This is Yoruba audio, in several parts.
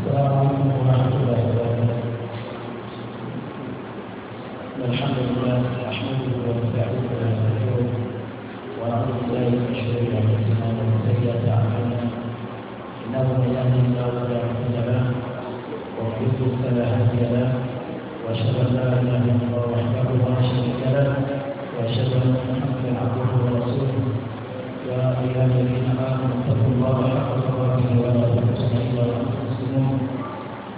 السلام عليكم ورحمة الله وبركاته الحمد لله نحمده ونستعينه ونعوذ بالله من شرور أنفسنا ومن سيئات أعمالنا إنه من يهده الله فلا مضل له ومن هادي له وأشهد أن لا إله إلا الله وحده لا شريك له وأشهد أن محمدا عبده ورسوله يا أيها الذين آمنوا اتقوا الله حق تقاته ولا تموتن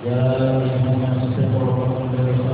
يا أيها الناس اتقوا ربكم الذي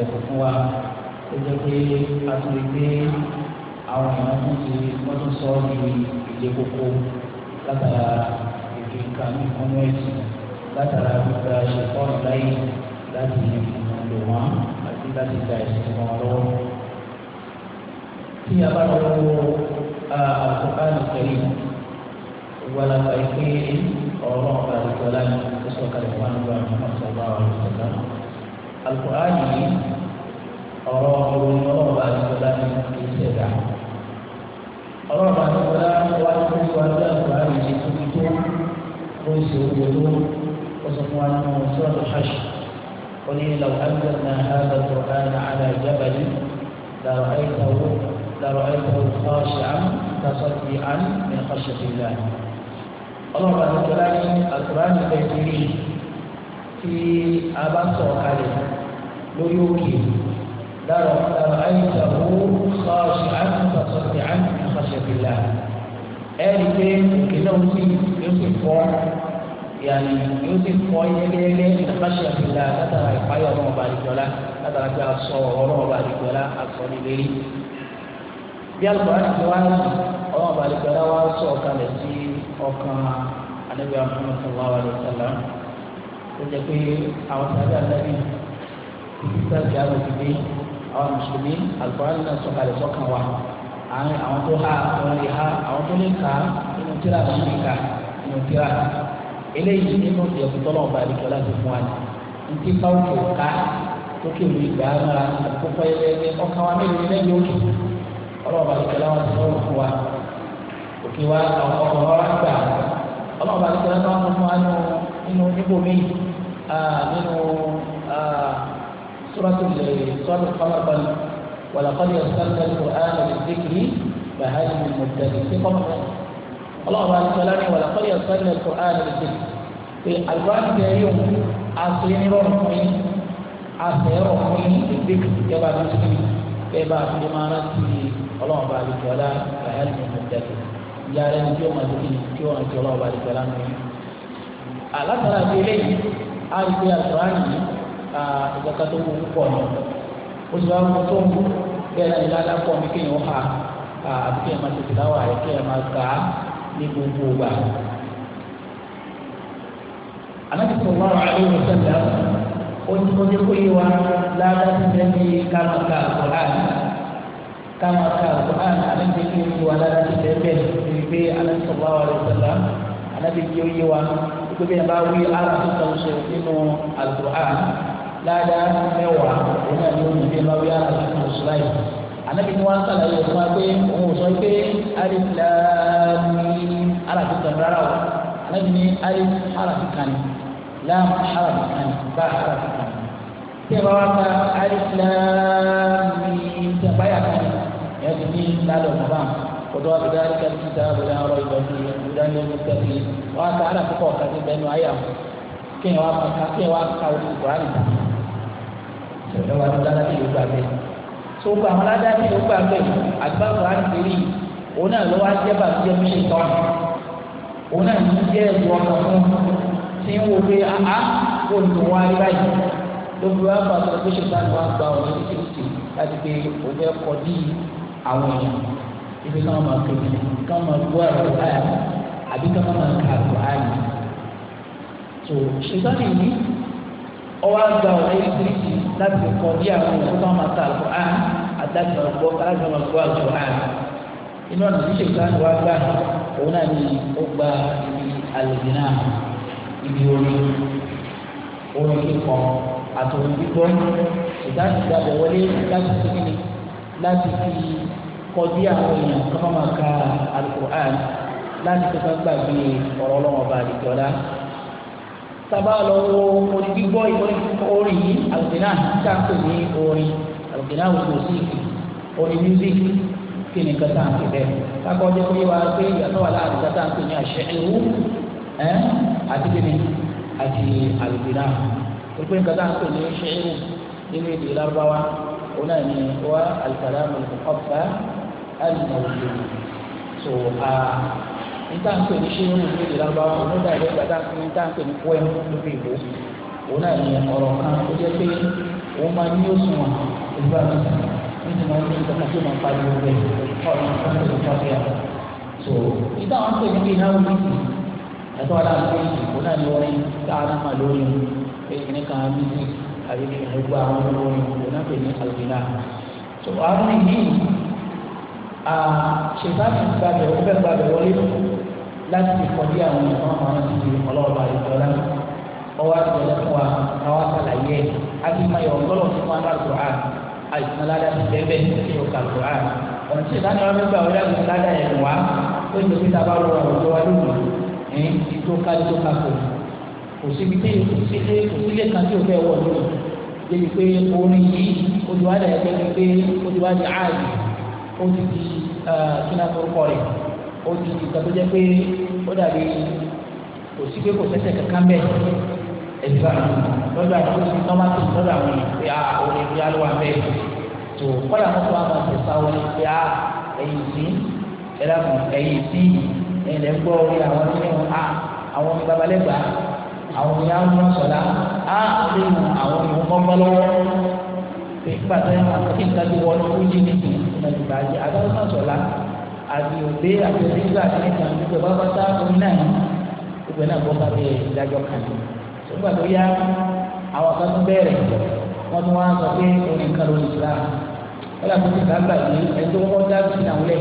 àtẹ̀kọ̀ fún wa ó jẹ́ pé a tún lè gbé àwọn èèyàn tó ti wọ́n tún sọ ọ́ di ìdè koko látara èdè kàmí kọ́nú ẹ̀sìn látara gbígba ṣẹ̀kọ́ ọ̀láyé láti lò wọ́n àti láti gba ẹ̀sìn wọn lọ́wọ́. tí a bá lọ́wọ́ Al-Qur'an Al-Karim wàlá pàìpé ọ̀rọ̀ àdìgbọ́lá ni ó sọ̀kalẹ̀ wọn lọ́wọ́ àwọn ọ̀sán bá wà lọ́sọ̀tàn. القرآن ọ̀rọ̀ ìròyìn ọlọ́ọ̀bà àdìgbòlá ní ìṣẹ̀dá. ọlọ́ọ̀bà àdìgbòlá wá sí ìwádìí àgbà ìṣe tóbi tó ó ṣe owó ló ó sọ fún wa nínú sọ́ọ̀tù ṣáṣì ó ní ìlà òhánjẹ́ náà hàdà tó hàdà àdà ìjábàlì làrọ̀ àìsàwò làrọ̀ àìsàwò kọ́ọ̀ṣì àm kásọ̀tì àm ní kọ́ṣẹ̀tì ìlà. ọlọ́ọ̀bà àdìgbòlá ní àkùrá tí a bá sọ̀rọ̀ kalẹ̀ lórí òkè dára dára àyíká ó kọ́ọ̀ṣì àtúntàṣọ́tì àtúntàṣẹ́fìlà ẹ̀rí pé òkè náà ń sì ń sì fọ́ yàrá yóò sì fọ́ yẹ́lẹ́yẹ́lẹ́ àtúntàṣẹ́fìlà látara ìpáyọ̀ ọmọ ọba àdìjọ́lá látara pé a sọ ọ̀rọ̀ ọba àdìjọ́lá àsọ̀rí lérí. bí alùpàá ti wá ọba àdìjọ́lá wá ó jẹ́ pé àwọn sàbẹ̀ àtàbí ìfisà ti àwọn òbí àwọn mùsùlùmí àlùkòrán náà sọ̀kalẹ̀ sọ̀kan wa àwọn tó ha àwọn lè ha àwọn tó lè ka inú tíra àwọn lè ka inú tíra eléyìí nínú ìyẹ̀kùtọ́lọ̀ ọba àdìgbọ́lá ti fún wa ní ti káwọn kò ká lókè lu ìgbà ara àkókò ẹlẹ́gbẹ́ ọkàn wa mélòó lẹ́yìn òkè ọlọ́ọ̀bà àdìgbọ́lá wa ti fọwọ́ fún wa òkè wa ọkọ̀ wa gbà ọlọ́ọ̀bà àdìgbọ́lá wa fún wa nínú níbo nínú sọ́rọ́tù sọ́rọ́tù kọ́mọ̀kọ́mọ̀ wàlàkọ́lì ọ̀sánlẹ̀ kùrán ìdíkìrì bàhálì mọ̀tẹ́lì sí kọ́mọ̀kọ́mọ̀ ọlọ́run alùpàlà ni wàlàkọ́lì ọ̀sánlẹ̀ kùrán ìdíkìrì pé alùpàlà ti ẹ̀rí òun asèyìnrọ̀rùn fún yín asèyìnrọ̀ fún yín ìdíkìrì kẹ́ bá fi sí kẹ́ bá fi máa rántí ọlọ́run bá alùpàlà bàhálì mọ̀tẹ́lì ìyá rẹ̀ ni tí ó máa á rí pé àlùfáàní yìí ìgbàkan tó wù ú pọ̀ ni ó sì máa ń mú tó ń bú bẹ́ẹ̀ náà ìlànà pọ̀ mi kéèyàn hà àbí kéèyàn máa tètè láwà rẹ̀ kéèyàn máa kà á ní gbogbo ìgbà. Ànábì sallallahu alaihi wasallam ó ní mo ní kó yé wa ládàá ti fẹ́ ní kámaka Al-Qur'an kámaka Al-Qur'an Ànábì kí ó yé wa ládàá ti fẹ́ bẹ́ẹ̀ ní pé Ànábì sallallahu alaihi wasallam Ànábì kí ó yé wa pé bí ẹ bá wí ara tó kàn ṣe nínú Al-Qur'an ládàá mẹ́wàá òun náà ni ó ní bí ẹ bá wí ara tó kàn ṣe láyé anabi ni wọn sàlàyé fún wa pé òun ò sọ pé alif laami arabi anabi ni alif arabi kan ni laam arabi tí a bá wá ka alif laami kan ni ti ní lálẹ́ òun bá kótó wa ti dá alif tí a bá yà ìgbà tó yẹ kó ìdáni olùkẹ́bí wọ́n á sáré àkókò ọ̀kan tí bẹ́ẹ̀ nù ayé àwọn kéèyàn wá ká kéèyàn wá ká oṣù kùránì ta ṣẹlẹ̀ wà lọ́dọ̀ aládé yóò gbà bẹ́ẹ̀ tó gba àwọn aládé yóò gbà bẹ́ẹ̀ àgbà kùránì kiri òun náà lọ́wọ́ ajẹ́bà tó jẹ́ mílíọ̀nù tọ́nù òun náà ní jẹ́ ẹ̀rù ọmọ fún tí ń wo pé àá kó lù wá rí báyìí lóbi wá fà sọ pé ṣètò àgbà gba òun ní kìrìsì láti pé òun fẹ́ kọ́ dí àwọn èèyàn ibi náà máa kéde káwọn máa gbọ́ ẹ̀rọ báyà àbí ká má máa ka àkùránì tó ṣètọ́nì yìí ọwọ́ àgbà ọ̀rẹ́ ìgbìrìsì láti kọ́ bí àwọn ìṣẹ́ tó máa ka àkùránì àtàkì máa gbọ́ aláṣẹ máa gbọ́ àkùránì inú ọ̀nà tí ṣètọ́nì wá gbà òun náà ni ó gba ibi àlejò náà ibi orin orin kíkọ àtòrin gbígbọ́ ìdáhùn ìdábọ̀ wọlé láti fi kíni láti fi kọ́ bí àwọn èèyàn kọ́ máa ka àkùránì láti tó ká gbàgbé ọ̀rọ̀ ọlọ́wọ́n ọba àdìjọ́lá sábà lọ wo orin gbígbọ́ orin yìí àlùkìnà káàkiri ní orin àlùkìnà òṣòṣì orin music kí ni kata ń pè bẹ́ẹ̀ kákọ́jọ́ pé wá pé ìyàtọ̀ wà láàrin kata ń pè ní àṣẹ ìwú ẹ́ àti kíni àti àlùkìnà pé kata ń pè ní àṣẹ ìwú nínú èdè lárúbáwá òun náà ni wá àlùkàlà mọ̀lùkọ́ fà á nà òṣèlú so. Uh, níta ń pè ní ṣé wọn ní ìlera bá wọn níta ìlú ìgbà táà ní níta ń pè ní kó ẹmu lórí ìbò òun náà ní ọ̀rọ̀ kan ó jẹ́ pé òun máa ní oṣù wọn ìlú àti níta máa ní nǹkan tó máa pariwo rẹ̀ ọ̀rọ̀ kan tó máa fi àwọn. so níta wọn pè ní iná omi ẹ̀tọ́ aláàbò òun náà ní orin káàdì máa lórí ìkíní kan mí sí àbí ìgbà àwọn olórin òun náà pè ní àlùbíná. so àwọn ìdí ṣètàkì gbàgbẹ́ ó fẹ́ gbàgbẹ́ wọlé láti fi kọ́ bí àwọn ìmọ̀ àwọn ti di ọlọ́ọ̀bà ìjọba ọwọ́ àtọ̀lẹ́ fún wa káwá sàlàyé akímayọ̀ ọlọ́ọ̀ fún wa lálùkò á àìsàn ládàá ti bẹ́ẹ̀ bẹ́ẹ̀ ti yọ kàlùkò á ọ̀nà tí ìdáná wọn gbà wọlé àgùn ládàá yẹn wá ó ti fi ta bá lọ àwùjọ wa lónìí ẹ̀ tó ká tó ká kò kò síbi tí kò sílé kò sílé kan tí o fẹ́ wọ̀ lónìí débi pé orin yìí ojú wa dà yẹ pé o ti wá di áàdì o ó di nǹkan tó jẹ́ pé ó dàbí kò sí pé kò sẹ́sẹ̀ kankan bẹ́ẹ̀ ẹ̀dùn lọ́dọ̀ àwọn tó ti tọ́wọ́ tó lọ́dọ̀ àwọn yìí pé a òun ni ìyá ló wà bẹ́ẹ̀ tó kọ́lá wọn tó wà máa tẹ̀ sáwọ́ ni a ẹ̀yìn sí ẹ̀dàkùn ẹ̀yìn orí àwọn tó ní a àwọn ní babalẹ́gbà àwọn ní àwọn sọ̀lá a lè mú àwọn ní wọn bọ́ lọ́wọ́ pé pàtẹ́ àwọn akéka ti wọ́n ní kújì nìkan ní ìgbà yìí àti òde àti onígbà àti nígbà nígbà bàbá tá omi náà ní gbogbo náà bọ́ kábẹ́ ìdájọ́ kan ní. nígbà tó yá àwọn kan tún bẹ̀rẹ̀ wọ́n tún wá sọ pé orin nǹkan ló ń sira wọ́n yà fún ìgbà gbà yìí ẹni tó wọ́n dá sí ìdáhùn lẹ̀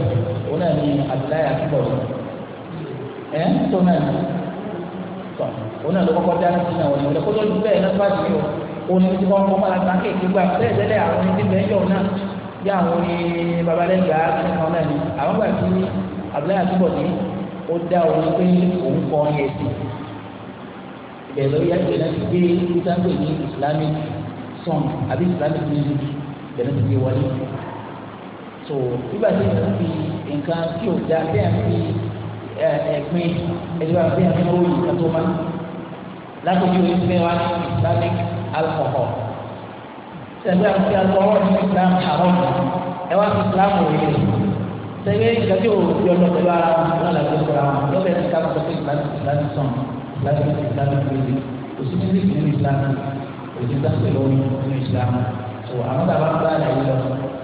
òun náà ní Abdullahi akíkọ̀ ẹ̀ ń tó náà ní tọ̀ òun náà ló kọ́kọ́ dá sí ìdáhùn lẹ̀ òun kó tó bẹ́ẹ̀ náà fásitì bí àwọn orin babalẹ́gbà kan náà ni àwọn gbà tí abdullahi àtúbọ̀tì ó dá orin pé òun kọ orin ẹ̀sìn ìbẹ̀rẹ̀ lórí ẹgbẹ́ náà ti gbé ìtàgbé ní islamic song àbí islamic music ìbẹ̀rẹ̀ ti gbé wọlé so nígbà tí wọ́n fi nǹkan tí ò da bí wọ́n fi ẹ̀pin ẹ̀dùn àbí ẹ̀pin owó yìí kan máa lákòókò ìfẹ́ wa ní islamic alcohol tẹ̀lé àti àtọwọ́ ní islam àwọn ẹ wá sí islam òye tẹ̀lé ìdájọ́ òbí ọjọ́ pẹ̀lú ara wọn ní ọ̀làjọ́ ìṣura wọn yóò bẹ̀rẹ̀ ká lọ́sọ̀ pé islam islam sàn islam islam gbèsè òsì mílí ìlú islam òsì dáṣẹ́ lórí ìlú islam tó àwọn bàbá ń bá àlàyé lọ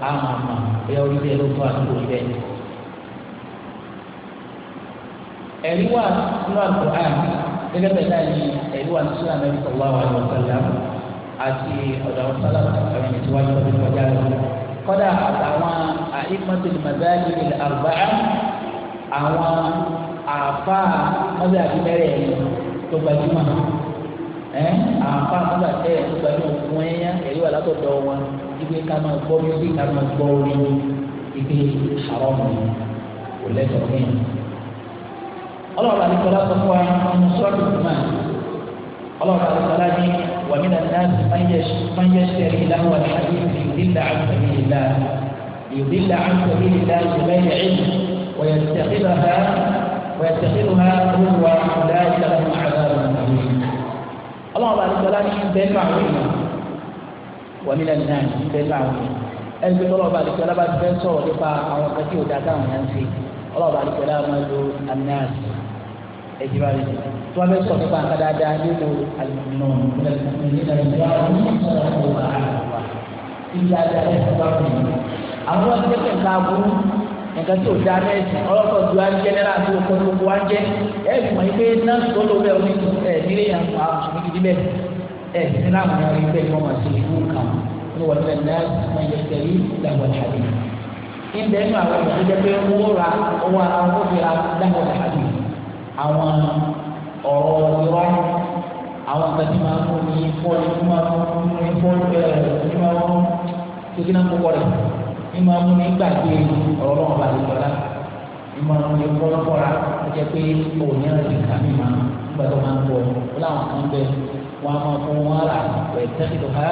àmọ́ àmọ́ ẹ̀yà orí bẹ́ẹ̀ ló fọ́ àdúgbò bẹ́ẹ̀. ẹ̀rí wà nínú àgbọ̀ àyà gẹ́gẹ́ bẹ́ẹ̀ náà ni ẹ̀rí wà nínú àti ọ̀dọ̀ àwọn sálábà àwọn ènìyàn tí wọ́n yọ ọdún kọjá lọ. kọ́dà àtàwọn àìmọ̀tòlì màdáàlì ilẹ̀ àrùbáà àwọn àfa mọ́tò àti mẹ́rẹ̀ ẹ̀yìn tó gbajúmọ̀ ẹ̀ àfa mọ́tò àti ẹ̀yìn tó gbajúmọ̀ fún ẹ̀yà ẹ̀rí wà látọ̀dọ̀ wọn ibi ká máa gbọ́ bí ká máa gbọ́ orí ibi àrọ́ kò lẹ́tọ̀ọ́ mi. ọlọ́run àti kọ́lá sọ fún wa ọmọ sọ́ọ̀tù الله تعالى السلام ومن الناس من يشتري له الحديث ليضل عن سبيل الله ليضل عن سبيل الله بغير علم ويتخذها ويتخذها هو أولئك لهم عذاب أليم الله تعالى السلام بين معروفين ومن الناس بين معروفين ẹgbẹ́ ọlọ́ọ̀bá àdìsẹ́ ọlọ́ba ti fẹ́ sọ̀rọ̀ nípa àwọn kan tí ò dáa táwọn yẹn ń ṣe ọlọ́ọ̀bá àdìsẹ́ ọlọ́ba máa lo anáàsì ẹ̀jẹ̀ bá rí i tí wọ́n bẹ sọ nípa nǹkan dáadáa nínú àlùmọ́ àwọn akẹ́kọ̀ọ́ nǹkan aburú nǹkan tí ò da mẹ́sìn ọlọ́kọ̀ ju wa ń jẹ́ náírà tí òkò tó wa ń jẹ́ ẹ̀ mọ̀ yí pé nọ́ọ̀sì tó lò bẹ́ẹ̀ oníṣẹ́ ẹ̀ nílé yàn fún àwọn mùsùlùmí gidi bẹ́ẹ̀ ẹ̀ sí náà mọ̀ yàrá ibẹ̀ ìmọ̀ màá ṣe ìlú kan ní wọ́n fẹ́ náà wọ́n yẹ tẹ̀lé ìdàgbọ̀ ìhàdì. ìbẹ̀ inú àwọn ìgbà tó jẹ́ pé owó ra owó ara wọn fi ra ìdàgbọ̀ ìhàdì àwọn ọ̀rọ̀ ìrọ́ àwọn kan tí máa ń fún ní fọ́ọ̀lù tí máa ń fún ní fọ́ọ̀lù ẹ̀ tí máa ń fún kíkí náà kókó rẹ̀ tí máa ń fún ní gbàgbé ọ̀rọ̀ náà bá lè lọ́la tí máa ń fún ní fọ́ọ̀lù kọ́ra ó jẹ́ pé òun yẹn ti kà mí máa nígbà tó máa ń bọ̀ ó láwọn kan bẹ wọn a máa fún wọn rà ẹ̀ tẹ́sí tó ká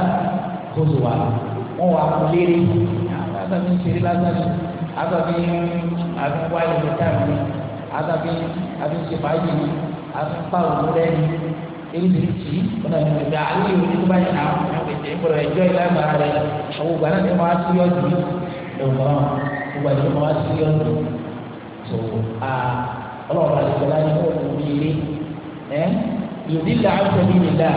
kó tó wà wọn wà fún léèrè àwọn ṣeré lásán àgbàbí àbí wáyé lè tà mí àbí ṣe fàájì apá òun rẹ eréjìrìjì ọ̀nà ìgbà ayé òní tó bá yẹ àwọn ẹ̀jẹ̀ ìgbọ̀rọ̀ ẹ̀jọ́ ìlànà rẹ àwọn ògbà náà ti máa wá sí ọ̀dù ẹ̀wọ̀n ògbà náà ti máa wá sí ọ̀dù tó a ọlọ́ọ̀bà àdìgbò láyé kó o bí ilé ẹ̀ yòdì là ń tẹ̀lé mi là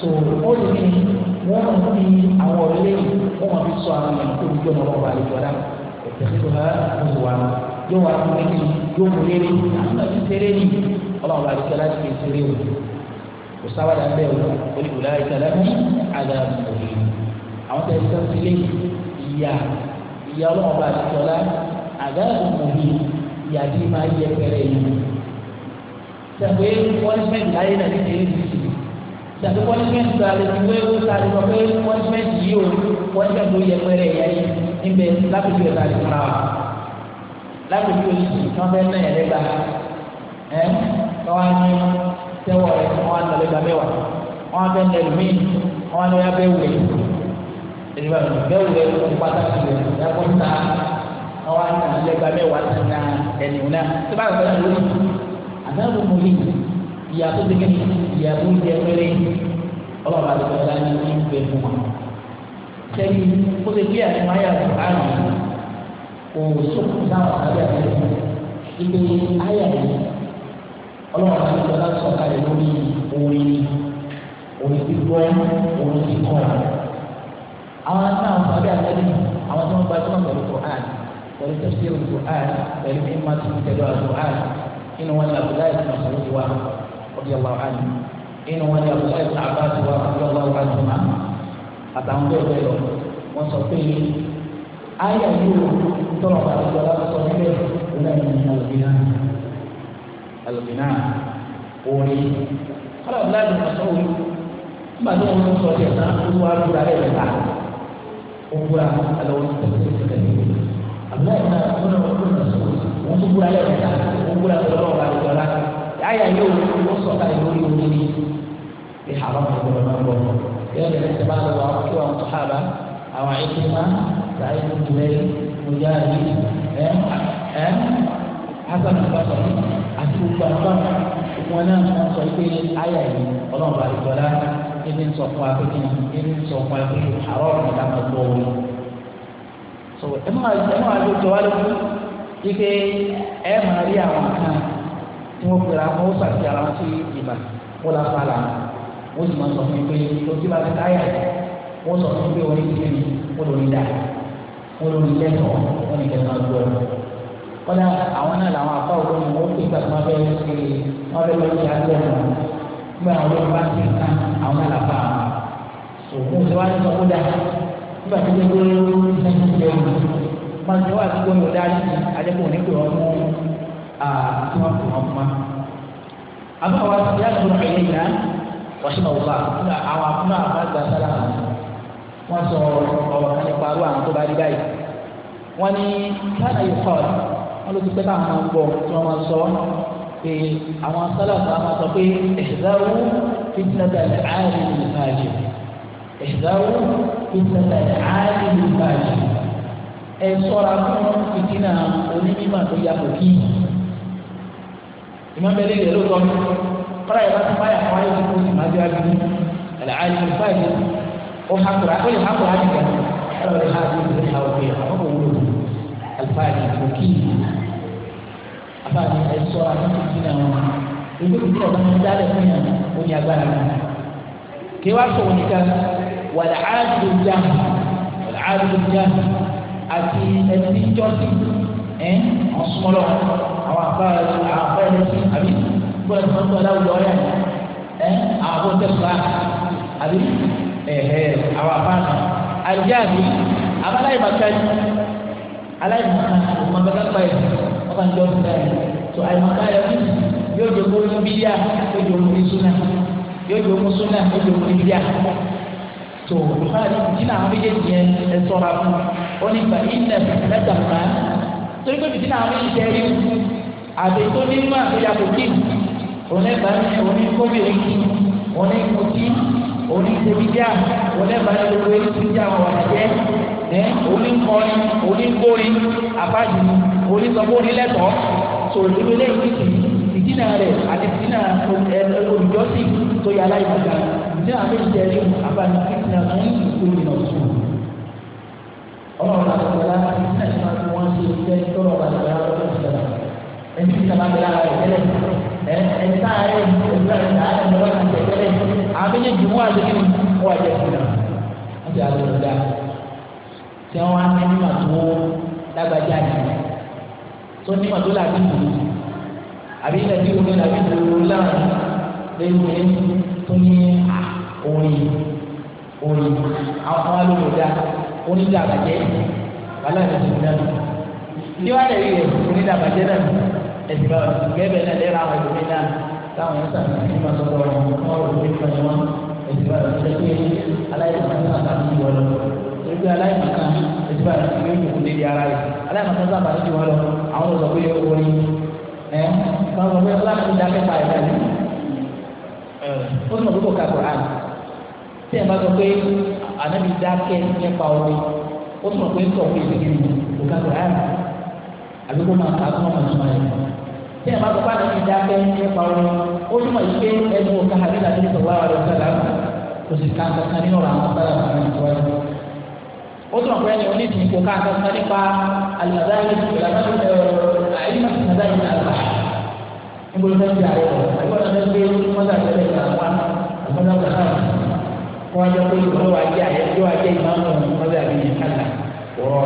tó ó lè ní wọ́n mọ̀ ní àwọn ọ̀rẹ́lẹ́yìn wọ́n mọ̀ fi sọ àwọn èèyàn tó ń jọ ọlọ́ọ̀bà yóò wá fún mi yóò mú léré àwọn náà ti tẹ́lé ní ọlọ́run bá dúkẹ́ láti fi tẹ́lé o kò sábàdà ń bẹ̀ o olùkùnrin àyíká lẹ́nu àgbà òye àwọn tẹ̀lé sọ sílé ìyá ìyá ọlọ́run bá dúkẹ́ ọlá àgbà òye ìyá tí máa yẹ pẹ́rẹ́ yìí sàgbé pọ́nísmẹ́ǹtì láyé náà ti tẹ́lé ní ìsìn sàgbé pọ́nísmẹ́ǹtì tó alẹ́ ti wé wó sáré lọ pé pọ́nísmẹ́ǹtì yìí o pọ́nísmẹ́ǹtì tó yẹ pẹ́rẹ́ yẹ lábẹ́bí oṣù kan bẹ́ẹ̀ náà yẹn lẹ́gbà ẹ́ kọ́ wá ní tẹ́wọ̀ rẹ̀ wọ́n á lọ lẹ́gbà mẹ́wàá wọ́n á bẹ́ẹ̀ nà ẹ̀lú míì wọ́n á lọ yá bẹ́ẹ̀ wẹ̀ ẹ̀lú bẹ́ẹ̀ wẹ̀ ọ̀hún pàtàkì rẹ̀ ẹ̀kọ́ ta wọ́n á nà lẹ́gbà mẹ́wàá ti na ẹ̀lú náà tó bá yọ̀ lọ́wọ́ àtàwọn ọmọ yìí ìyàtọ̀ ti kéde ìyàtọ̀ ìjẹ péré ọlọ́ọ̀bà ti sọ̀rọ̀ láti ní ìgbẹ́ fún wa. sẹ́yìn òwòsàn táwọn àgbẹ̀ àgbẹ̀ ibi ayà yìí ọlọ́run àti ìjọba sọ̀kalẹ̀ lórí orin orin gbígbọ́ orin kíkọ́ àwọn náà wọn àgbẹ̀ àgbẹ̀ àwọn tí wọ́n gba tí wọ́n pẹ̀lú Quran pẹ̀lú tafsir Quran pẹ̀lú mímá tó ń tẹ̀lé Quran inú wọn ni Abdullahi bin Mas'ud wa radiyallahu anhu inú wọn ni Abdullahi bin àtàwọn bẹ́ẹ̀ bẹ́ẹ̀ lọ wọ́n sọ pé ayà yìí طرف الجلال صحيح ولا من الغناء الغناء قولي قال ابن مسعود ما دون نصر يسان هو أبو داري بلا أبو أدوان تبسيط كثير أبو داري ما أبونا وقلنا سعود أبو داري بلا أبو داري بلا أبو داري بلا يا يا يو نصر كان يقول يوميني في حرام أبو داري بلا يا من الاعتبار الله أكبر أو عيشنا سعيد بن جبير mujahid ẹ ẹ hasan al-basri àti gbogbo àwọn wọn náà wọn sọ pé àyà yìí ọlọ́run bá yọ lá ebi ń sọ fún wa pé ebi ń sọ fún wa pé àrọ́ ọ̀run ká mọ̀ bọ́ wọn. so ẹ máa ẹ máa ló jọ wá lójú ike ẹ máa rí àwọn kan tí wọ́n pèrè àwọn ó sàtì ara wọn sí ìgbà wọn la fa làwọn wọ́n sì máa sọ fún mi pé lójú bá ti káyà wọ́n sọ fún mi pé orí ti mi wọ́n lórí dáa wọn lórí lẹ́tọ̀ọ́ wọn máa gbọ́ ẹ. kọ́dà àwọn náà làwọn afọ òkú ni wọ́n ké gbàgbọ́ abẹ́ ṣe wọ́n bẹ́ẹ̀ lọ́ọ́ ṣe àgbẹ̀ wọn. nígbà àwọn ọlọ́run bá ti ká àwọn náà làbá òkun tí wọ́n á ti sọ kódà nígbà tí wọ́n gbé lẹ́yìn ìgbẹ́ wọn. máa ń tẹ́wọ́ àdúgbò mi ò dárí adébò ní pé wọ́n mú àti wọ́n pè wọ́n mọ́. àbáwá ti yá ìgbọràn ẹ̀yẹ ìyá wàṣíwáwá àwọn àbúrò tó bá rí báyìí wọ́n ní káàdà yìí kọ́ wọ́n ló ti pẹ́ káwọn máa ń bọ̀ tí wọ́n máa sọ pé àwọn sálàfà máa sọ pé ẹ̀dáwó fitnata ààrẹ ní ìbàjẹ́ ẹ̀dáwó fitnata ààrẹ ní ìbàjẹ́ ẹ sọ́ra fún fìtínà onímọ̀ tó yà kò kí ìmọ̀bẹ̀lẹ̀ yẹn ló tọ́ kọ́lá yẹn bá ti báyà kọ́ ayé tó kó sì máa jẹ́ àgbẹ̀ ní ọ̀rọ̀ ìhà àti ìdílé ìhà òkè àwọn òwúrò àlùfáàdì òkè àfáàdì ẹ̀sọ́ àtúntì náà wọn ìlú ìdílé ọ̀gá mi dálẹ̀ fún yàn ó ní agbára náà kí wàá sọ̀rọ̀ nìkan wàlẹ̀ áàdù jáàmù wàlẹ̀ áàdù jáàmù àti ẹni jọ́sí ẹ̀ ọ̀sùnmọ́lọ́ àwọn àfáàdì àfáàdì àbí gbọ́dọ̀ tó ń tọ́ láwùjọ ọ̀yà ẹ̀ àwọn àfọ̀ tẹ̀sán àbí ẹ̀ẹ́ àwọn àfáàdì àjáàbí abala ìmọ̀kánì aláìmọ̀kánì ọmọbẹ́ká pa ẹ̀ ọba ń dọ́kítà ẹ̀ tó àìmọ̀kánì ẹ̀ yóò jogbo bíyà yóò jogbo sunna yóò jogbo sunna yóò jogbo bíyà tó olùkọ́ni jìnnà àwọn méjèèjì yẹn ẹ̀ sọ̀rọ̀ àbú ó ní gbà ìnẹ̀ mẹ́ta mọ́ torí pé jìnnà àwọn méjèèjì yẹn rí wù àbẹ̀ tó ní mú àbẹ̀yàpọ̀ kí òun ẹ̀ bá òun ní kóbìnrin kí òun ní kó kí òní ṣe bíjà wọlé balẹ̀ gbogbo èyí ti jà wọ́n jẹ́ ẹ òní kọrin òní gbórin àbájú òní sọ́kó òní lẹ́tọ̀ọ́ sọ̀rọ̀ ìlú ilé ìwé ti ìdínà rẹ̀ àti ìdínà olùjọ́sìn tó yà láì gbàgbà ìdínà àti ìjẹ́rí àbájú ìdínà fún ìgbóni ọ̀sùn. ọlọ́run àtọ̀tọ̀lá ìdínà tí wọ́n ti ṣe tọ́lọ̀ àtọ̀tọ̀lá lọ́dọ̀ ẹni tí sábà bẹ̀rẹ̀ ara rẹ̀ tẹ́lẹ̀ ẹ̀ ẹ̀ sáà rẹ̀ ìdúrà rẹ̀ sáà rẹ̀ lọ́wọ́ àti ẹ̀tẹ́lẹ̀ àwọn méjèèjì wọ́n àti kí ni wọ́n àjẹ sí náà wọ́n ti àlọ́ ọ̀dà tí wọ́n á ní nímọ̀ tó lágbájá ni tó nímọ̀ tó làbí ìlú àbí ilẹ̀ tí omi làbí ìlú láàrin lẹ́yìn tó ní orin orin àwọn kan wá lórí ọ̀dà onídàbàjẹ́ wàhálà ní ìlú náà tí wọ́n lè rí rẹ̀ onídàbàjẹ́ náà ẹ̀sìn bá gẹ́gẹ́ bẹ́ẹ̀ náà lẹ́ra àwọn ìlú náà táwọn sàmì ní ma sọ̀rọ̀ wọn wọn ò ní ma ní wọn ètùbà rẹ̀ ṣe pé aláìsàn sábà ní wọn lọ ebi aláìsàn kan ètùbà rẹ̀ ṣe yóò kún dédé ara rẹ̀ aláìsàn sábà ní wọn lọ àwọn olùsọ̀ pé yóò wọlé ẹ̀ báwo ni aláìsàn ti dákẹ́ pa ẹ̀dá ni ó sọ pé kò ká kura tí ẹ̀ bá sọ pé ànábi dákẹ́ nípa omi ó sọ pé sọ pé ìdíjú kò ká kura àbí kó máa ká kó máa sọ tí ẹ bá tó bá lè fi dákẹ́ nípa wọn ó túmọ̀ yìí pé ẹnu ọ̀ka àdúrà tó sọ wá ọ̀rọ̀ sọ̀rọ̀ àwọn kò sì ká kankan nínú ọ̀rọ̀ àwọn sábà kan nípa wọn. ó túmọ̀ pé ẹni oníṣìí kò ká kankan nípa alìmọ̀dáyé ìlànà ìlànàdáyé àgbà nígboro fẹ́ fi àwọ̀ nígboro fẹ́ fi mọ́tà tẹ́lẹ̀ ìgbà wa mọ́tà kọ́nà wọn jẹ́ pé ìgbọ́n wa jẹ́ àyẹ̀ tí wọ́n jẹ́ ìmáàmù mọ́tà àbíyẹn kálá ọ̀rọ̀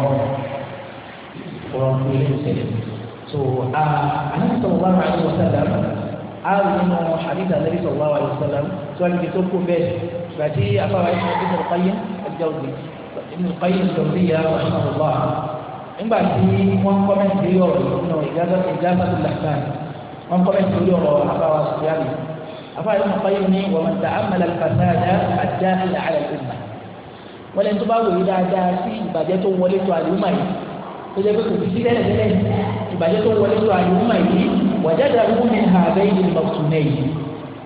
ọ̀rọ̀ so anabi uh, sallallahu alaihi wasallam awo nínú hadith anabi sallallahu alaihi wasallam tó a lè tó kó bẹ́ẹ̀ gbàtí afáwa yìí wọn bísí ọkọyìn ẹgbẹwòsì ẹni ọkọyìn lọrí ya ọsàn ọlọ à nígbà tí wọn kọmẹǹtì ọ̀rọ̀ nínú ìjábá ìjábá tó làkà wọn kọmẹǹtì ọ̀rọ̀ afáwa sùfìàmì afáwa yìí ọkọyìn ní wọn ta amala fasada àdá àlẹ àlẹ ìmà wọn lẹni tó bá wòye dáadáa sí ìbàjẹ́ tó wọlé tó àlùmá yìí tó jẹ́ pé kò fi sílẹ̀ lẹ́lẹ̀ ìbàjẹ́ tó wọlé sọ àdúgbò yìí wàjáde àdúgbò mi hà bẹ́ẹ̀ yìí mọ̀túnẹ̀ yìí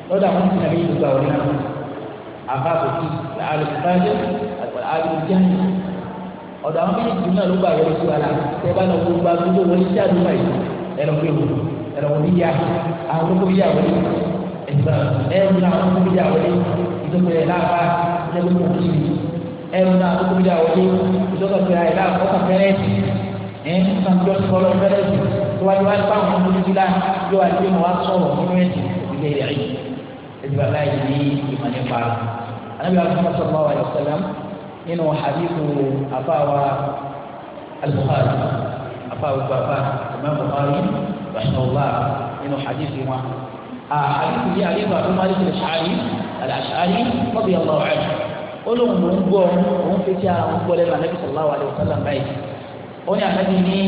lọ́dọ̀ àwọn tí nàbí ìdúgba wọn náà àbá kò sí àlùfáàjẹ́ àlùjáde ọ̀dọ̀ àwọn méjì tó náà ló gbà wọlé sọ àlà tẹ́ bá lọ gbogbo àdúgbò wọlé sí àdúgbò yìí ẹ̀rọ pé wò ẹ̀rọ wọlé yá àwọn tó kọ́ bí yà wọlé ẹ̀gbọ́n ẹ̀rù náà àwọn tó kọ́ bí yà wọlé ìdókòwò láàbá ẹ̀rù náà àwọn tó kọ́ bí yà wọlé ìdókòwò láàbá ọkọ̀ fẹ́rẹ́ ẹ nǹkan tó ti kọ́ lọ fẹ́rẹ́ jù tó wájú wájú bá àwọn ọmọdé ti la yóò wájú wọn wá sọ̀rọ̀ nínú ẹ̀sìn ìdílé rẹ̀ yìí ẹ̀sìn bàbá yìí ní ìmọ̀ nípa anabi alhamdu sallallahu alayhi wa sallam nínú hadithu afáwa al-bukhari afáwa bàbá imam bukhari rahimahullah nínú hadithu wọn. hadithu yìí àdìgbò àbúmọ́lé ti lè ṣááyí al-ashari radiyallahu ó lóun mò ń gbọ́ òun fi ti àwọn gbọ́ ó ní ànábì ní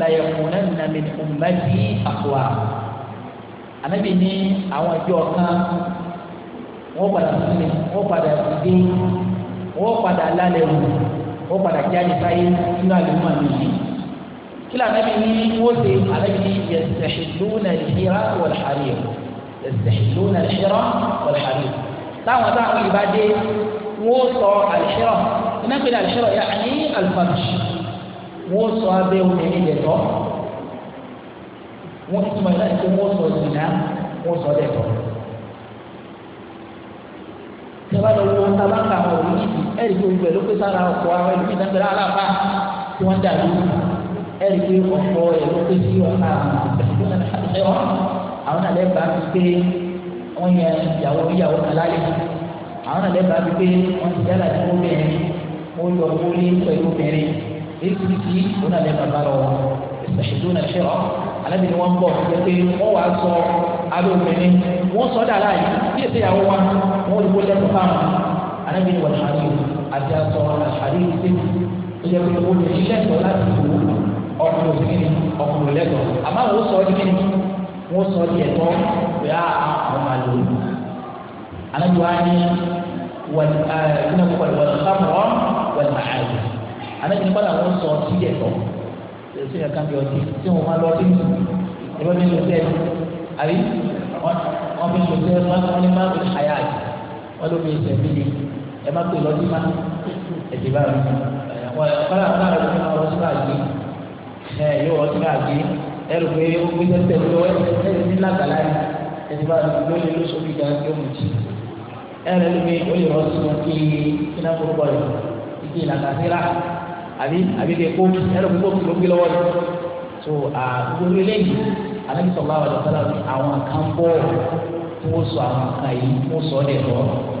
làyẹ̀kùnrin nàmì ọ̀mẹ́bí àkùwà ànábì ní àwọn ìjọ kan wọ́n padà sílẹ̀ wọ́n padà sílé wọ́n padà lálẹ́ wò wọ́n padà jáde báyìí nínú àlùmọ́ àmì yìí kí lóò ní wọ́n ṣe ànábì ní yẹ̀sẹ̀ṣẹ̀lónà ìṣẹ́ra wọ̀lẹ̀hàríyẹ̀ yẹ̀sẹ̀ṣẹ̀lónà ìṣẹ́ra wọ̀lẹ̀hàríyẹ̀ táwọn táwọn ìbá dé wọ́n sọ àlìṣẹ́rọ̀ iná wọ́n sọ abẹ́ obìnrin dẹ̀tọ́ wọ́n ti túmọ̀ láti pé wọ́n sọ ìdìnnà wọ́n sọ dẹ̀tọ́. Ìjọba lọ wọ tábàkà àwọn òbí ẹ̀rí pé olùgbẹ̀ ló pé sára ọkọ̀ àwọn ẹ̀rí pé dáńgbẹ̀rẹ̀ aláàbá tí wọ́n dàbí ẹ̀rí pé ọ̀pọ̀ ẹ̀ ló pé sí ọ̀nà àwọn àlẹ́ bá àwọn àlẹ́ bá mi pé wọ́n ti yálà erisirisi ona lẹ ma ba lọ ìsèṣidu na ṣe ọ alábi ni wọn bọ pépé wọn wà sọ alẹ obìnrin wọn sọ dàrá yìí bí èsè yàwó wa wọn olùkó lẹnu fáwọn alábi ni wọn hàrí àti asọ àhàrí ìsè tó yẹ kó obìnrin lẹtọ láti wò ọkùnrin òsìkìnnì ọkùnrin lẹtọ àmọ́ àwọn sọ ọdún kìnnì wọn sọ ọdún ẹtọ pé a ah, àwọn máa lò ó alábi wa ni wọn ẹ ẹ kí ni wọn kọ wọn kọ wọn wọn máa lò ó anabi nípa làwọn sọ ọtí yẹ tọ èso yẹ kábi ọtí tí wọn máa lọ ọtí nù ẹgbẹ mi lọ sẹ àbí wọn fi lọ sẹ wọn ní máa fi àyà àjì wọn ló fi ẹsẹ mi ni ẹ má pè lọtí má ẹdí bá mi wọn kọlá kọlá rẹ ló máa lọ sí báyìí ẹ yóò wọ́n sí báyìí ẹ rò pé ó gbé tẹ́tẹ́ lọ ẹ ẹ ní lágbàlá yìí ẹdí bá mi ló lè lóṣù mi gan yóò mú jì ẹ ló fi ó lè sí wọn kí kí náà bọ̀ yìí kí ìlànà sí àbí àbí kẹ kó ẹrọ kó kó ló gbé lọ́wọ́ rẹ̀ so àgbègbè lẹ́yìn alẹ́ sọ̀rọ̀ àwọn ọ̀dọ́sọ́lá ní àwọn kan bọ̀ tí wọ́n sọ àwọn kan yìí wọ́n sọ ọ́ dẹ̀ lọ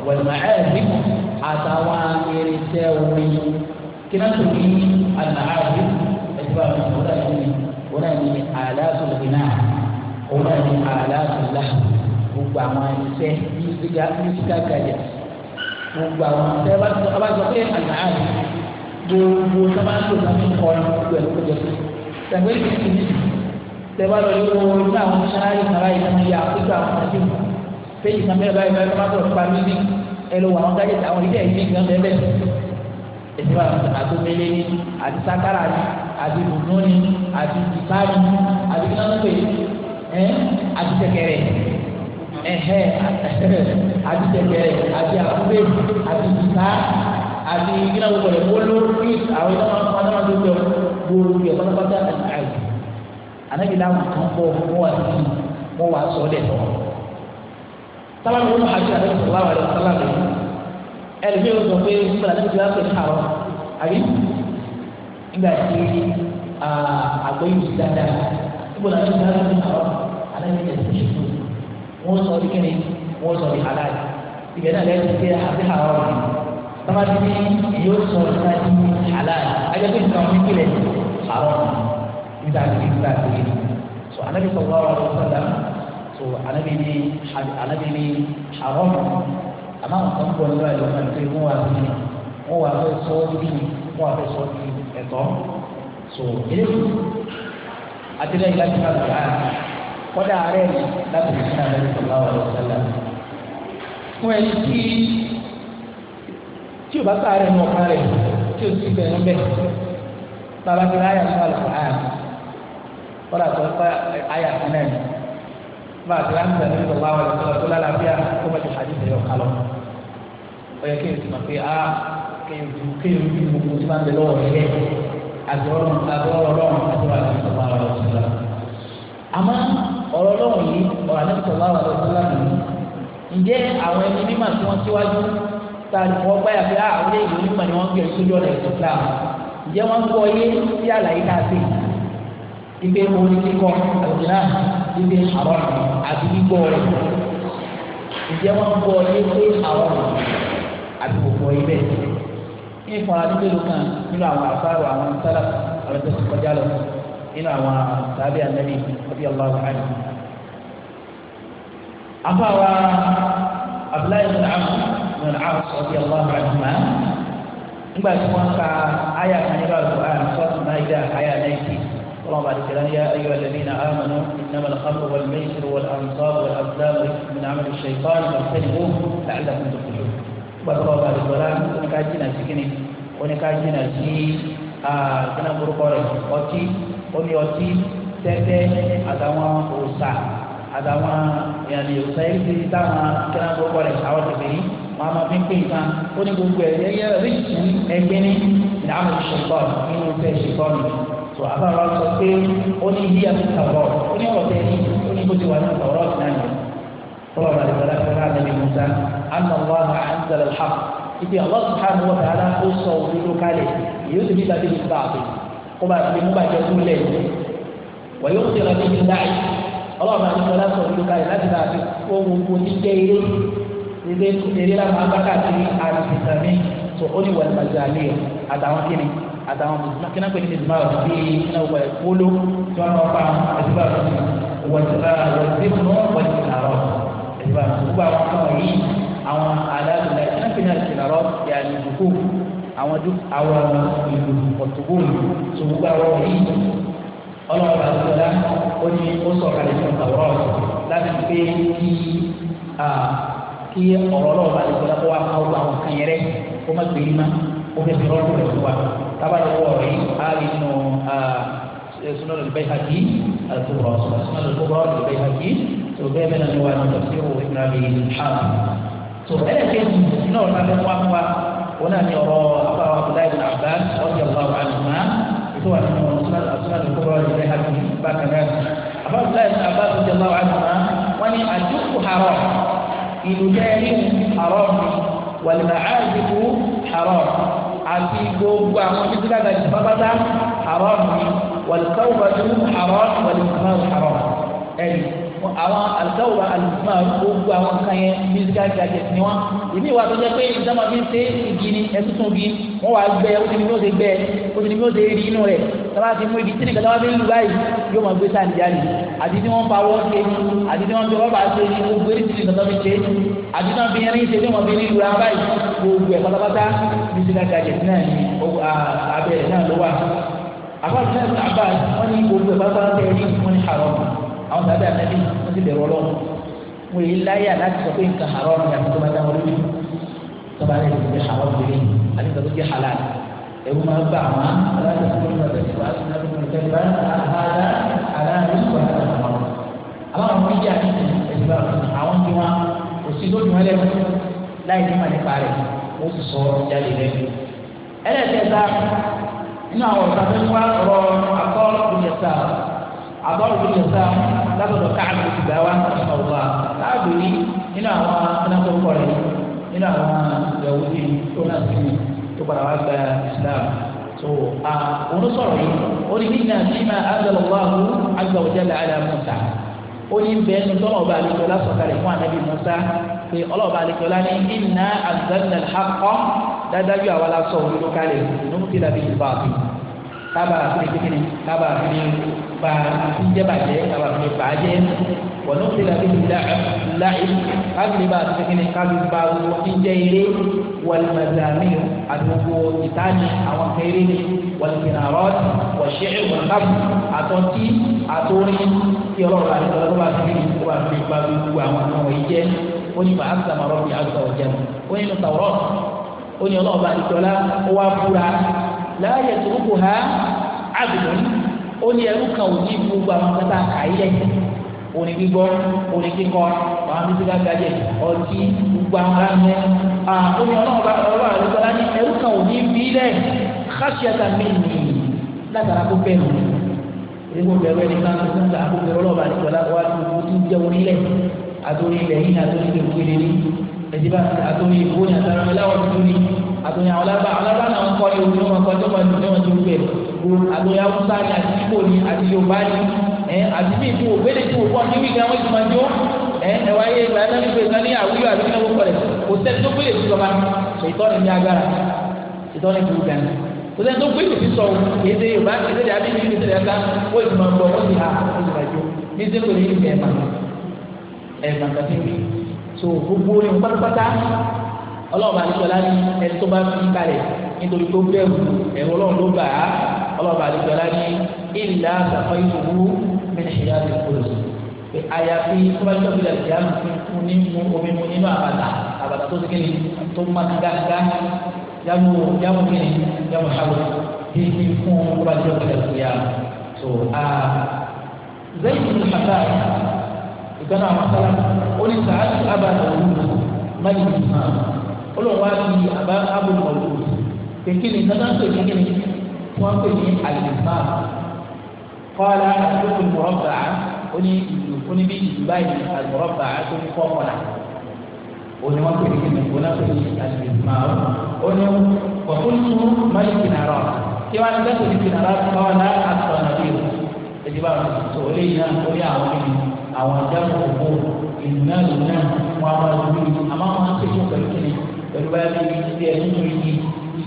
wẹ̀lùmọ̀ ẹ̀ ní àtàwọn irinṣẹ́ orin kí náà tó ní àlàáfíà ẹ̀dí bá mi wọ́n náà ní wọ́n náà ní àlàáfíà lóbi náà wọ́n náà ní àlàáfíà láà gbogbo àwọn iṣẹ́ mísíkà mísíkà kàjẹ́ gbogbo àwọn iṣẹ́ abájọ pé àlàáfíà gbogbo sábàtò sábàtò kọ́ra gbogbo ẹ̀ kọjọ sí. Tẹ̀gbẹ́ ìdíje ní tẹ̀gbẹ́ lọ yóò wọ inú àwọn sáláyì sáláyì náà yà àkójọ àwọn ọmọdé wọn. Péjì kan bẹ́ẹ̀ báyìí báyìí sábàtò pa mímí ẹ lọ wọ àwọn gáyé àwọn ilé ẹ̀mí gan bẹ́ẹ̀ bẹ́ẹ̀. Èsì wa àti mele ni àti sakara ni àti bùnú ni àti ìfá ni àti kínáńpé ẹ àti tẹ̀kẹ̀rẹ̀ ẹ̀hẹ́ àti tẹ̀kẹ̀rẹ̀ àti àkúbẹ̀ àti ìfá àti ìgbìnà gbogbo rẹ̀ wọ́n ló rí àwọn ìdá máa ń fún adámàdé gbẹ gbòòrò rẹ̀ pátápátá àti àyè ànábì láwọn kan bọ̀ wọ́n wà sí wọ́n wà sọ ọ́dẹ̀ tọ́. sábàbí wọn àti àdéhùn sọ̀rọ̀ àwọn àdéhùn sọ̀rọ̀ àbẹ̀ ẹ̀rì mi ò sọ pé nígbà tí wọ́n pè kárọ̀ àbí nígbà tí àgbẹ̀yìn ti dáadáa nígbà tí wọ́n pè kárọ̀ ànábì tẹ̀sí wọ́n di kíni wọ́n di halal ìgbẹ́ náà lẹ́yìn tí a ti tọ́mátì ní yóò sọ nípa ti halal ajẹ́pẹ́ nǹkan wọn kílẹ̀ àrọ́ níta àti níta àti níta so anabi sọ̀rọ̀ àwọn ọ̀rọ̀ sọ̀dá so anabi ní anabi ní àrọ́ àmọ́ nǹkan pọ̀ nípa ìlú náà nítorí wọ́n wà sí wọ́n wà fẹ́ sọ ọ́ bí wọ́n wà fẹ́ sọ ọ́ bí ẹ̀tọ́ so eléyìí àtìlẹ́yìn láti máa gbà á kọ́dà àárẹ̀ láti fi sí anabi sọ̀rọ̀ àwọn ọ̀rọ̀ sọ̀dá fún o bá sáré nù ọ̀kan rẹ̀ tí o sì bẹ̀rẹ̀ bẹ́ẹ̀ bàbá kí láyà fún àlùkò àyà kọ́lá tó fẹ́ àyà fún ẹ̀ bá àti láti sẹ́ni ní bàbá wọn lọ́wọ́ tó lálàáfíà kó bá ti hàdí sẹ́yọ̀ kálọ̀ ó yẹ kéèyàn ti mọ̀ pé ah kéèyàn ju kéèyàn ju gbogbo tí wọ́n ti lọ́wọ́ rẹ̀ yẹ àti ọlọ́run àti ọlọ́run àti ọlọ́run àti ọlọ́run àmọ́ ọ̀rọ̀ ọlọ́run yìí ọ̀rọ̀ àti ọlọ́run àti ọlọ́run ǹjẹ́ àwọn ẹni mímọ̀ tí wọ́n síwájú tani wọ́n gbáyà pé a ilé ìlú onímọ̀ ni wọ́n gbé sójú ọ̀nà ìsìn Islam ǹjẹ́ wọ́n gbọ́ yé sí àlàyé tá a sè ibi orin kíkọ àlùjá ibi àwọn àti gbígbọ́ rẹ̀ ǹjẹ́ wọ́n gbọ́ yé sí àwọn àti gbogbo ibẹ̀ ní ìfọ̀nra tó kéde kan nínú àwọn àfáàrọ̀ àwọn sálà àwọn tó ti kọjá lọ nínú àwọn sàbí ànábì ọbí ọlọ́wọ́ àná. afáwa abdullahi bin ibn al-As radiyallahu anhuma nígbà tí wọ́n ka àyà kan nígbà tó àyà sọ́ọ̀tù náà yíyá àyà náà yìí اللهم بارك لنا يا أيها الذين آمنوا إنما الخمر والميسر والأنصاب والأزلام من عمل الشيطان فاجتنبوه لعلكم تفلحون وصلى الله عليه وسلم ونكاجنا سكني ونكاجنا سي كنا برقورة أتي أمي أتي tẹ́tẹ́ àtàwọn òòṣà àtàwọn ìyànnì òòṣà yìí ti táwọn kí náà gbọ́ pọ̀ rẹ̀ àwọn tẹ̀lé yìí wọn a máa fi ń pè nǹkan ó ní gbogbo ẹ̀ yẹ́yẹ́ rí ìtún ẹgbẹ́ ní ìdáàmú ìṣẹ̀kọ́ nínú ìfẹ́ ìṣẹ̀kọ́ mi tó àbára sọ pé ó ní bí àtúntàwọ̀ ó ní ọ̀tẹ̀ ní ó ní bó ti wà ní ọ̀rọ̀ ọ̀tún náà قال لثلاثة نبي موسى أن الله أنزل الحق إذا الله سبحانه وتعالى أوصى بذلك عليه ليثبت به الباطل قبل بمباشر له ويخسر به الداعي الله سبحانه وتعالى أوصى بذلك عليه لا تبع في قوم ilé eré làwọn abákàtì àtìsàmì tó ó ní wà lùmàzàlì àtàwọn kìnnì àtàwọn kíná pé nínú ìdùnnú àwọn bíi iná wà ìpolówó tí wọn lọ bá ẹdínwó àtúntò wọ̀tìlá wọ̀tìlú wọ̀tìlárọ̀ ẹdínwó àtúntò àwọn kan yìí àwọn aláàbìlá iná pé nínú ìlárọ̀ yà ní ìdúkú àwọn ìlú pọ̀tùgóòlù tó gbogbo àwọn yìí ọlọ́run àgbẹ̀dá ó ní ó sọ̀kalẹ̀ ní ọ̀tàwọ́rọ̀ láti pé kí kí ọ̀rọ̀ ọlọ́ọ̀bá ìgbọ́lá kó wá ká ọgbà àwọn kan yẹrẹ kó má gbé yín má kó fẹ́ fi rọ́ọ̀dù rẹ̀ fún wa tábàlọ́wọ́ rẹ̀ á rí nù sunan al-bayhaqi al-kubra sunan al-kubra al-bayhaqi tó bẹ́ẹ̀ bẹ́ẹ̀ ni wà ní tafsiru ibn abi al-ham tó ẹ̀yẹ kejì iná ọ̀rọ̀ náà fẹ́ wá fún wa wọn náà ní ọ̀rọ̀ abáwá abdullahi bin abbas radiyallahu anhuma tó wà nínú sunan al-kubra al-bayhaqi bákan náà abdullahi bin abbas radiyallahu anhuma wọn ni àdúgbò haram إلجاه حرام والمعازف حرام عفي قوة هذا الفضل حرام والتوبة حرام والإنسان حرام أي يعني àwọn àlùkáwòrán àlùmọ́ gbogbo àwọn kan yẹn musical gadget ni wọn ìmí ìwà tó jẹ pé ìdáná fi ń ṣe igi ni ẹtútù igi wọn wàá gbẹ ó ti ní bí ó ṣe gbẹ ó ti ní bí ó ṣe rí inú rẹ tọ́lá ti mú igi tí nìkan tọ́lá fi ń lu báyìí yóò máa gbé sáà nìyá ni àti tí wọ́n ń pawọ́ ṣe ni àti tí wọ́n fi rọ́bà ṣe ni gbogbo eré tí nìkan tó fi ṣe àti tí wọ́n fi irin ṣe tí wọ́n fi ní ìlú ara báyìí gbogbo ẹ̀ pátápátá musical gadget náà ni abẹ́rẹ́ náà ló wà àbáṣe náà àwọn sábẹ́ àtẹ́bí wọ́n ti bẹ̀rù ọlọ́run wọ́n èyí láyà láti sọ pé nǹkan àárọ̀ ni àti tó bá dáwọ́ lórí tọ́ba rẹ̀ ti fi àwọn obìnrin àti tó ti halal ẹ̀rù máa gbà wọ́n aláàbò tó ń bẹ̀rẹ̀ wá sí náà tó ń bẹ̀rẹ̀ wá àhàlà aláàbò tó ń bẹ̀rẹ̀ wá. àwọn méjì àti ẹ̀sìn bá àwọn tí wọn kò sí lójú wọn ó sì sọ jáde lẹ́nu. ẹlẹ́ẹ̀kẹta nínú àwọn ọ̀sán tó ń wá ọ̀rọ̀ akọ́ àbáwò tó yẹn sá látọ̀dọ̀ káàbù ti gbà wá ọ̀gbà káàbù yìí nínú àwọn anákọ̀ọ́kọ̀ rẹ̀ nínú àwọn ìyàwó yìí tó náà sí ni tó padà wá gba Islam tó a onísọ̀rọ̀ yìí ó ní nínú àtìmá azalọ́wọ́ azza wa jalla ala Musa ó ní bẹ́ẹ̀ ní tọ́lọ̀ ọba àlejò lásọ̀kalẹ̀ fún anabi Musa pé ọlọ́ọ̀ba àlejò lá ní inna anzalna al-haqqa dájú àwa la sọ òdodo kalẹ̀ nínú kí lábẹ́ ìbáàbí kábàá fi ní kékeré kábàá fi ní pa ìjẹ́bàjẹ́ kaba fi bàjẹ́ wọ́n ti la fi láì kábìlì bá ti kékeré kábìlì bá wo ìjẹ́ eré wàlùmọ̀dàmí àdúgbò ìtaní àwọn kéré ni wàlùmọ̀dàmọ́ wọ̀ṣẹ́ wọ̀lùmọ̀dàmọ́ àtọ́tí àtọ́rin tí ọlọ́run àti ọlọ́run bá fi kékeré bá fi bá gbogbo àwọn ọmọ ìjẹ́ ó ní bàá sàmọ̀rọ̀ bí àgbà ọ̀jẹ̀ ó nínú tàwọ̀rọ̀ ó ní ọlọ́run bá ti tọ́lá ó wá fúra láàyè tó kù ha àbùdùn ó ní ẹrú kan ò ní gbogbo àwọn kẹta àkàyẹ òní gbígbọ́ òní kíkọ àwọn mísíkà gàdé ọtí gbogbo àwọn aránú à ó ní ọlọ́run bá ọlọ́run àlùkò lá ní ẹrú kan ò ní bí lẹ̀ káṣíọ́tà mi nì látara kó bẹ̀rù èyí kò bẹ̀rù ẹni kan tó ń ta àkókò ọlọ́run àlùkò lá wà lójú jẹ́ orílẹ̀ àtòrí ilẹ̀ yìí àtòrí ilẹ̀ òkèlè ní ẹ̀dí bá àtúnyí ìbò ní àtàràmì láwọn dúdú ni àtúnyí àwọn alábà alábà náà ń kọ́ ní omi wọn kọ́ tó máa dùn ní wọn tó ń bẹ̀ àtúnyí awúsá ni àti ìbò ni àti yorùbá ni ẹ àti bí ìbò òbélé tí òwò ọ̀hún níbi gan wọ́n ti máa jó ẹ ẹ wá yé ìgbà náà nígbà ìgbà ní àwùjọ àti ìnáwó kọlẹ̀ kò sẹ́ni tó gbélé sí lọ́ba ìtọ́ni ní agbára ìtọ́ni burú gan kò sẹ́ni tó gbélé sí sọ èdè yorùbá èdè àbí ìdílé ẹ̀ka ó ti máa gbọ́ ó ti hà ó ti máa jó ní sẹ́ni kò ní ìgbà ẹ̀ tó gbogbo rẹ̀ pátápátá ọlọ́run àdìsọ́lá ní ẹni tó bá fi kalẹ̀ nítorí tó bẹ̀rù ẹ̀rọ ọlọ́run ló bà á ọlọ́run àdìsọ́lá ní ìlà àgbàfọ́ ìṣòwò mẹ́tẹ̀ẹ̀yà ti kúrò pé àyàfi tó bá jọ́ bí ẹ̀jẹ̀ àmì fún ní mú omi mu nínú àbàtà àbàtà tó ti kéde tó má dáadáa yàmú yàmú kéde yàmú ṣàlù kí ní fún tó bá jọ́ bí ẹ̀jẹ̀ àmì tó a zẹ́yìn ní ìgbà náà máyì hàn olùwà bí abá abúlọ̀lù kékeré nana tó kékeré wọn pè ní àlùfà kọ́lá àdúgbò mọ̀rọ̀bà oní ìlú oní bí ìlú báyìí àlùmọ̀rọ̀bà tó ń kọ́ kọ́lá oní wọn pè ní kékeré wọn pè ní àlùfà oní kọ̀kúntù máyì kìnnàrọ̀ kí wọn gbé tó ní kìnnàrọ̀ kọ́lá àtọ̀nàbí ẹ̀dí bá wọn sọ eléyìí náà lórí àwọn ìlú àwọn ìjábọ̀ òkú ìlú náà lónìí wọn a máa lò lórí àmọ́ wọn á tẹ̀sán pẹ̀lú kíni pẹ̀lú báyà bí ibi tí ẹni tó yí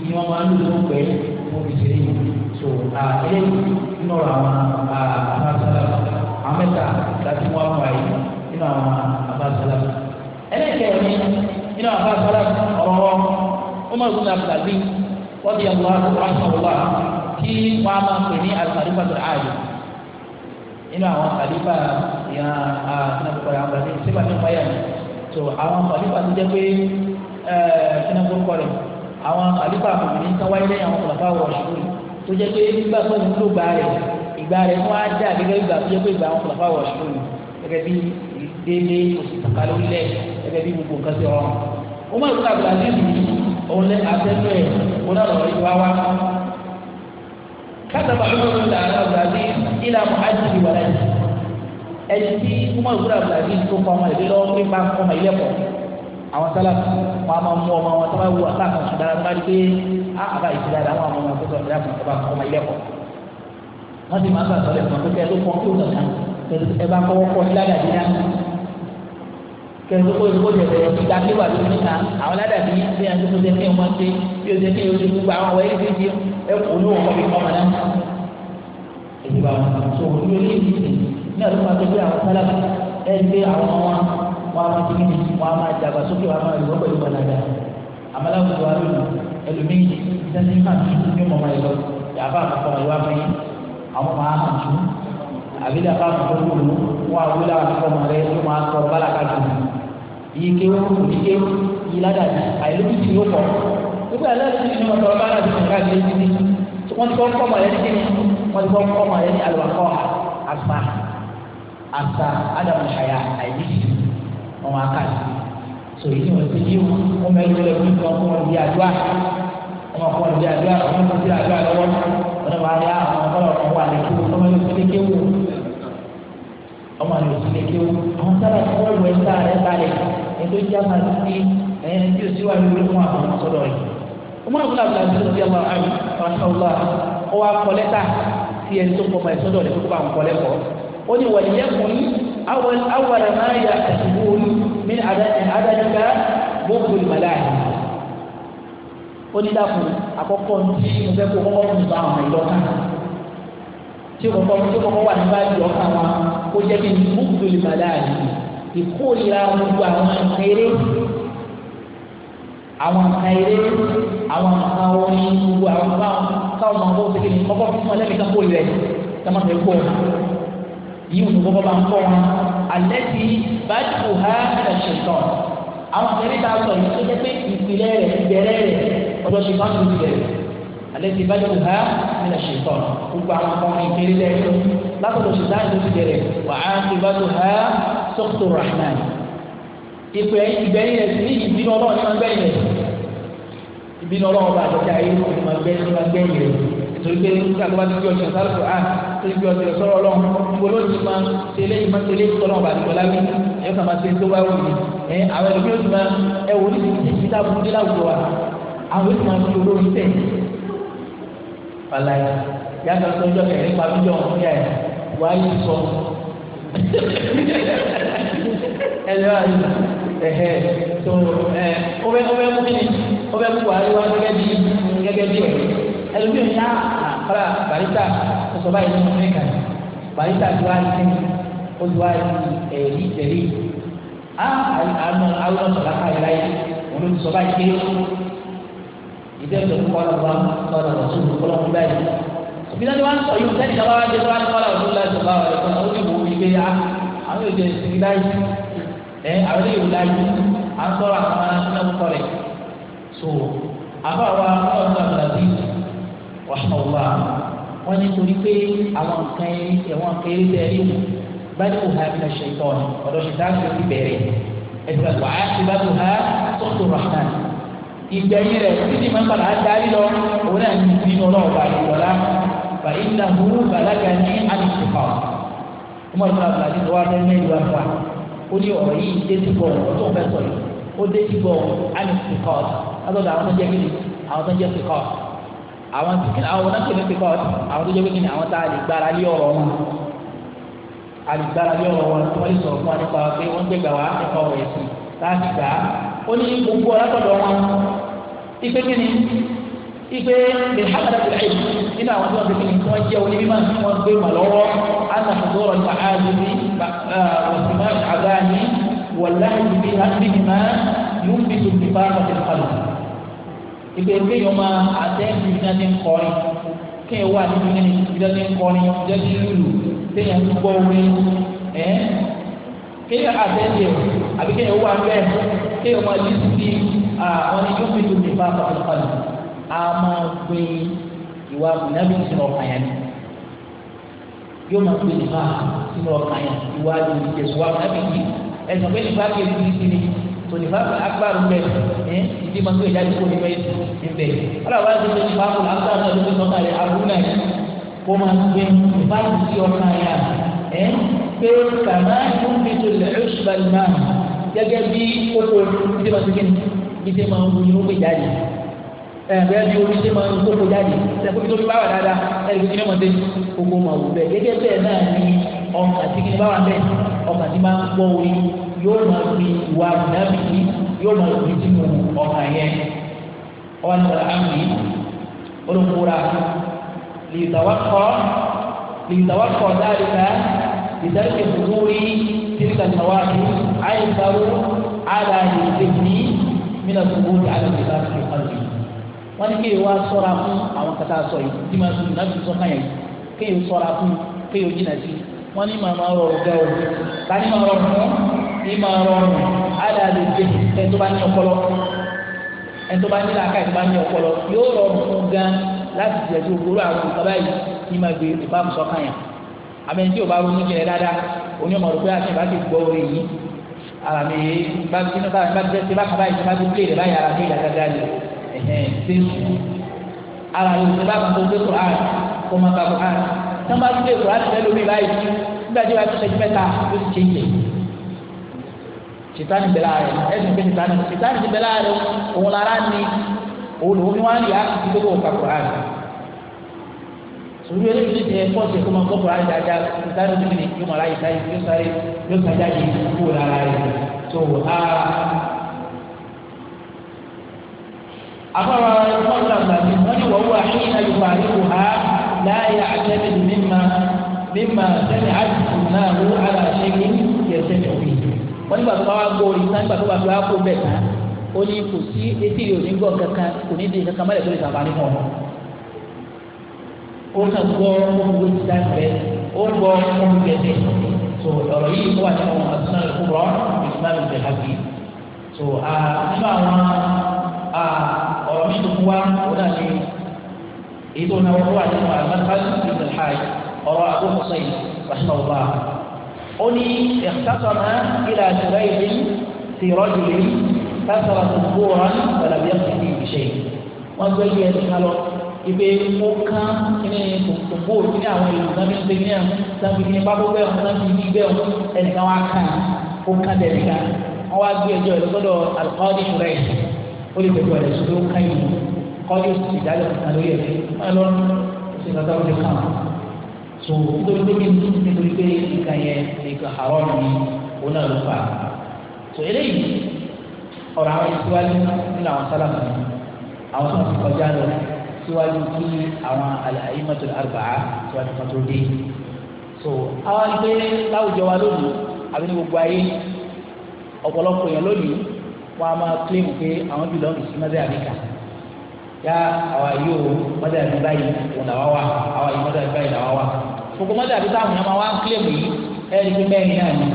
ni wọn máa ń lò lóun pẹ̀lú wọn fi ṣe yìí so eléyìí nínú ọ̀rọ̀ àwọn abasala àwọn mẹ́ta láti mú àwọn àyè nínú àwọn abasala ẹlẹ́kẹ̀ẹ́ni nínú abasala ọ̀rọ̀ Umar bin Abdulaziz wọ́n ti yà wọ́n aṣọ kí wọ́n a máa pè ní alùpàdùpà tó ààyè nínú àwọn àlùpà ìyá àtúnàbùkọ̀ àwọn àgbàdo so àwọn kàlífà ti jẹ́ pé ẹ̀ẹ́dínà gbórúkọ rẹ̀ àwọn kàlífà kòmìnì kan wáyé lẹ́yìn àwọn kàlífà wọ̀ ṣùgbọ́n tó jẹ́ pé nígbà tó ń lò gbà rẹ̀ ìgbà rẹ̀ wọ́n á dà gẹ́gẹ́ ìgbà tó jẹ́ pé ìgbà àwọn kàlífà wọ̀ ṣùgbọ́n gẹ́gẹ́ bí délé oṣù kàlí orílẹ̀ gẹ́gẹ́ bí gbogbo nǹkan ti rọrùn. ó má lùkà gbà nínú òun lẹ àtẹnu ẹ̀ kó náà lọ́ọ́ yí wá wá. kátàbà ló ń ẹni tí umar ibùdó abdulayi tó kọ ọmọ ìdílé lọ́wọ́ pé bá ń kọ́ ọmọ ilé ẹ̀kọ́ àwọn sálàmù wọn a máa mú ọmọ wọn tó bá wù àtàkùn ṣùgbọ́n àwọn bá rí pé á àbá ìṣe dáadáa wọn àwọn ọmọ tó sọ ìdáàbò tó bá kọ́ ọmọ ilé ẹ̀kọ́ wọ́n sì máa ń sàtọ́ lẹ̀ fún pé kẹ́ẹ́ ló kọ́ kí ó nàá ẹ bá kọ́ kọ́ ní ládàbí náà kẹ́ẹ́ wà lórí níta àwọn ládàbí bí a ti kó jẹ́ kí wọ́n ṣe bí o jẹ́ kí o ti gbogbo àwọn ọ̀wẹ́ yìí ti ẹ kò ní òun kọ́ bí kọ́ ọmọ náà ní àlùfáà tó gbé àwọn sálábà ẹ̀ ń gbé àwọn ọmọ wọn wọn á fi kíni wọn á máa dàgbà sókè wọn á máa lùwọ́ pẹ̀lú gbàdàgbà àmàlàwò wa lónìí ẹlòmíì sẹ́ni kàtú ní mọ̀mọ́ yìí lọ yàrá àkọ́kọ́ ìwà fẹ́yìn àwọn máa hàn tú àbí dàbá àkọ́kọ́ lòlù wọn àwúlẹ̀ àkọ́kọ́ mọ̀ rẹ ló máa kọ́ bálàkà jù yìí kéwù yìí kéwù yìí ládàjì àìlóbi tì yóò pọ̀ gbogbo aláàbí ni wọn tọrọ bára bí nǹkan àgbẹ̀ yìí ni wọn ti kọ́ kọ́ mọ̀ rẹ ní kíni wọn ti kọ́ kọ́ mọ̀ rẹ ní àlùbákọ́ àgbà àtà ádámù ṣàyà àìdíjì wọn máa so èyí ni wọn ti yí wọn wọn bẹ lọ ẹbí kan fún wọn bí àdúrà wọn máa fún wọn bí àdúrà wọn máa fi àdúrà lọ́wọ́ wọn náà máa rí àwọn ọmọlọ kan wà ní kéwù wọn máa lọ sí kéwù wọn máa lọ sí kéwù àwọn sábà tí wọn lù ẹ sáà rẹ balẹ̀ ètò ìjà máa ti di ẹni tí o sì wà lórí fún àwọn ọmọ sọ́dọ̀ yìí wọn náà fúnra fúnra fúnra bí ọmọ àmì wọn náà wọn wá ó ní wàlíyẹ́kùn awàlẹ̀ máa yà àtìwó mi àdájúká gbogbo ìmọ̀lá yìí ó ní dàpọ̀ àkọ́kọ́ tí mo fẹ́ kó kọ́kọ́ fún ìbá àwọn ìlọ́ka tí o kọ́kọ́ tí o kọ́kọ́ wà nípa ìlọ́ka wọn kó jẹ́ kí gbogbo ìmọ̀lá yìí ìkórìíra gbogbo àwọn nǹkan eré àwọn nǹkan eré àwọn nǹkan orin gbogbo àwọn nǹkan káwọn máa bọ́ sí kí ni kọ́kọ́ fún ọlẹ́mìí kan kó rẹ̀ tẹ́ máa fẹ́ kó o yìí wò gbogbo bá ń kọ́ wọn alẹ́ ti bàtìkù ha ẹ̀ ṣètọ́ àwọn akẹ́rẹ́ ta sọ yìí tó jẹ́ pé ìpìlẹ̀ rẹ̀ ìbẹ̀rẹ̀ rẹ̀ ọ̀dọ̀ ṣe fáwọn ìbẹ̀rẹ̀ rẹ̀ alẹ́ ti bàtìkù ha ẹ̀ ṣètọ́ gbogbo àwọn akọ́rin ìkéré lẹ́yìn látọ̀dọ̀ ṣe dáhùn tó ti bẹ̀rẹ̀ wà á ti bàtìkù ha sọ́kùtù rahman ìpè ìgbẹ́yìn rẹ̀ sí ìbínú tóbi ọtí ọsọrọ Ọlọ́run gbolo ti ma tẹlẹ yìí ma tẹlẹ tọlọ ọba àdìgbò lábí ẹ kàn ma tẹ tó bá wù mí ẹ àwọn ẹlòmíì ó ti ma ẹ wò ní ti ti ta burúkú láwùjọ wa àwọn ó ti ma fi owó ń tẹ balayi yàtọ̀ sọ́jọ́ kẹrin pàmíjọ ọ̀hún yà ẹ̀ wá yìí sọ ẹ lọ àyè ẹhẹ tó ẹ ọbẹ ọbẹ mú kí ni ọbẹ mú wàhálà àtúntò báyìí ló ń fún ìkànnì báyìí tàbí wá ní kíni ó ti wá ẹ̀rí tẹ̀lé á àánú àwọn ọ̀sọ̀lá káyọ̀ láyé wọn ló ti sọ báyìí kéré ìdẹ́gbẹ̀ kọ́lá wa kọ́lá ọ̀sùn kọ́lá ọ̀sùn báyìí òbílẹ̀ ni wọ́n sọ yìí sẹ́ni ìjọba wa dé wọ́n kọ́lá ọ̀sùn láti sọ̀rọ̀ àwọn ẹ̀kọ́ náà ó ti wò ó wípé àwọn èdè ìsìnkú láyé ẹ àwọn èdè ìwò láyé à ń sọ̀rọ̀ àwọn anáwó kọ́lẹ̀ so àbáwá ọ̀sùn àbúrò wọ́n ní torí pé àwọn nǹkan ẹ̀wọ̀n nǹkan eré tẹ́ rí mu báyìí kò ha bí na ṣe tọ́ ni ọ̀dọ̀ ṣe dáhùn tó ti bẹ̀rẹ̀ ẹ̀sìn àgbà á ti bá tó ha sọ́tò rahman ìgbẹ̀yìn rẹ̀ títí máa ń padà á darí lọ òun náà ní ìdí ọlọ́run bá yìí wọlá bá yìí nà hu balaga ní àdìsíkà ọmọ ìgbà àbúlàdì tó wà lẹ́nu ìlú ó ní ọ̀rọ̀ yìí dé bọ̀ ọ̀tọ̀ fẹ́ sọ ó dé bọ̀ àdìsíkà ọ̀tọ̀ àwọn tó jẹ́ kíni àwọn tó jẹ́ síkà àwọn tí àwọn náà tẹ̀lé pípa ọtí àwọn tó jẹ́ pé kí ni àwọn tá a lè gbára lé ọ̀rọ̀ wọn a lè gbára lé ọ̀rọ̀ wọn tí wọ́n lè sọ̀rọ̀ fún wa nípa pé wọ́n gbé gbà wá nípa ọ̀rọ̀ ẹ̀sìn láti gbà á ó ní gbogbo ọlọ́tọ̀dọ̀ wọn ipe kí ni ipe lè hákàdà tẹ̀lé ẹ̀yìn nínú àwọn tí wọ́n ti kí ni tí wọ́n jẹ́ onímọ̀ tí wọ́n gbé mọ̀ lọ́wọ́ anàfọ̀dọ́rọ̀ nípa ààbìbí wọ̀sìmá àgáàní wọ̀láhìbí ìgbẹ́ ìgbẹ́ yìí máa àtẹ́ǹdì bí dáadé ń kọrin kéèyàn wà nínú ní bí dáadé ń kọrin bí dáadé ń lùlù téèyàn ń gbọ́ orin ẹ̀ kéèyàn àtẹ́ǹdì ẹ̀ àbí kéèyàn wà bẹ́ẹ̀ kéèyàn máa lé sí àwọn ẹni tó fi dùn nípa pàtàkì a máa gbé ìwà ìnáwó ìṣòro àyàn ni yóò máa gbé nípa ìṣòro àyàn ìwà ìṣòro àyàn ẹ̀sán pé nípa kéèyàn ti tòlífà agbára mbẹ ẹ ìdí ma gbé ìdájọ kò ní bẹ mbẹ ọlọ́wọ́ bá ti tòlífà kò lágbára náà ló fi sọ kalẹ̀ àbúrò náà yẹ kó máa gbé ìfà sí ọ̀nà yà ẹ pé kàmá ìfún fi tòlẹ̀ ẹ̀ṣùgbà náà gẹ́gẹ́ bí kókó ìdí ma ti kí ni ìdí ma ń wúni ó gbé jáde ẹ bẹ́ẹ̀ bí omi ṣe máa ń kókó jáde ṣẹ́kọ́ bí tóbi bá wà dáadáa ẹ̀rí kí ni wọ́n ti kókó máa wù bẹ́ẹ̀ gẹ́gẹ́ bẹ́ẹ̀ náà ni ọkàn yóò máa fi ìwà ìdábìí yóò máa fi sínú ọkàn yẹn ọwọ́ ní sọ̀rọ̀ àmì olùkúra lìtàwákọ̀ lìtàwákọ̀ dáríka ìdáríkè fúdúrí tìrìkà tàwáàbí àìsàrò àdáyé tèmi mìíràn fúdúrí àdàbí láti fi kàn yìí wọ́n ní kéèyàn wá sọ́ra fún àwọn kata sọ yìí tí màá sùn láti sọ káyà yìí kéèyàn sọ́ra fún kéèyàn jìnnà sí wọ́n ní màmá rọrùn gẹ́wò tani màmá rọrùn fún ìmọ̀ rọrùn alàlè gbé ẹni tó bá ní ọpọlọ ẹni tó bá ní làákà ìgbà ní ọpọlọ yóò rọrùn fún gan láti jẹ̀dú ògbóró àwọn ìkọ́lá yìí ìmọ̀ gbé ìbámu sọ́kàn yàn àmì tí o bá ronú jẹ dáadáa oní ọmọ rẹ pé àti ìbá ti gbọ́ orin yìí ara mi yé bá ti nínú báyìí bá ti tẹ́tí bá kaba bá ti plé rẹ báyìí ara mi yà dáadáa ni ẹ̀hẹ́n ṣe ń sitani bẹ̀rẹ̀ rẹ̀ ẹ̀sìn pé sitani sitani ti bẹ̀rẹ̀ rẹ̀ òun lára ni òun lòun ni wọ́n á yà kí gbogbo òkà kura rẹ̀ sori yẹn ti tẹ ẹfọ ṣe kó ma gbọ́ kura sitani ti bìnnì yóò mara yìí sáyé yóò sáré yóò sáré àyè kú wò lára rẹ̀ tó wò á. afọwọ́ ọ̀rọ̀ ìfọ̀nàmọ́ni wọ́n ní wọ́n wà ní ayùbá yóò wá láàyè àtẹ́lẹ̀ mímà mímà sẹ́ni àdìsí náà wọ́n ara ṣẹ́gi yẹ sẹ́ni òbí wọ́n nígbà tó bá wá gbóòrì tán nígbà tó bá fi wá kó bẹ̀ tán ó ní kò sí etí rẹ̀ òní gbọ́ kankan kò ní di kankan mọ́lẹ̀ tó lè sàbà nínú ọ̀nà ó kàn gbọ́ ohun tó ti dáfẹ́ ó gbọ́ ohun gẹ̀dẹ̀ so ọ̀rọ̀ yìí tó wà nínú àtúnṣe rẹ̀ kúrọ̀ ìsìlámù ìbẹ̀ hàbí so nínú àwọn ọ̀rọ̀ mi tó wá ó dà ní èyí tó náwó wà nínú àlùmọ́ أني اختصم إلى شريح في رجل كسر ذكورا فلم يقم فيه بشيء wọ́n gbé yẹ ẹni kalọ ibi ó kán kíni kòkó kíni àwọn èèyàn sábì ń gbégbé ẹ̀hún sábì ní pápó bẹ́ẹ̀ ọ̀hún sábì ní ibẹ̀ ọ̀hún ẹnìkan wá kàn ó kán dẹ̀rẹ̀ ká wọ́n wá gbé ẹjọ́ ìlọ́sọ́dọ̀ alùpàdé rẹ̀ ó lè pẹ̀lú ẹ̀rẹ̀ sọ́dọ̀ ó kán yìí kọ́jú ìdájọ́ ìtàn lórí tó nítorí pé kí nítorí pé nǹkan yẹn nǹkan àárọ̀ ni òun náà ló fà á tó eléyìí ọ̀rọ̀ àwọn ìsíwájú nínú àwọn sálàmù àwọn tó ti lọ síwájú kí àwọn àlàyé mọ́tò àrùbáà síwájú kan tó dé so àwọn ìgbé láwùjọ wa lónìí àbí ní gbogbo ayé ọ̀pọ̀lọpọ̀ èèyàn lónìí wọn a máa kílèmù pé àwọn jùlọ ní sí mọ́tò àríkà yá àwa yóò mọ́tò àríkà báyìí òun làwa wà àwa yìí mọ́tò àríkà báyìí làwa wà gbogbo mọ́tò àbí táwọn èèyàn máa wá ń kílèmù yìí ẹ̀rí pé mẹ́rin náà ni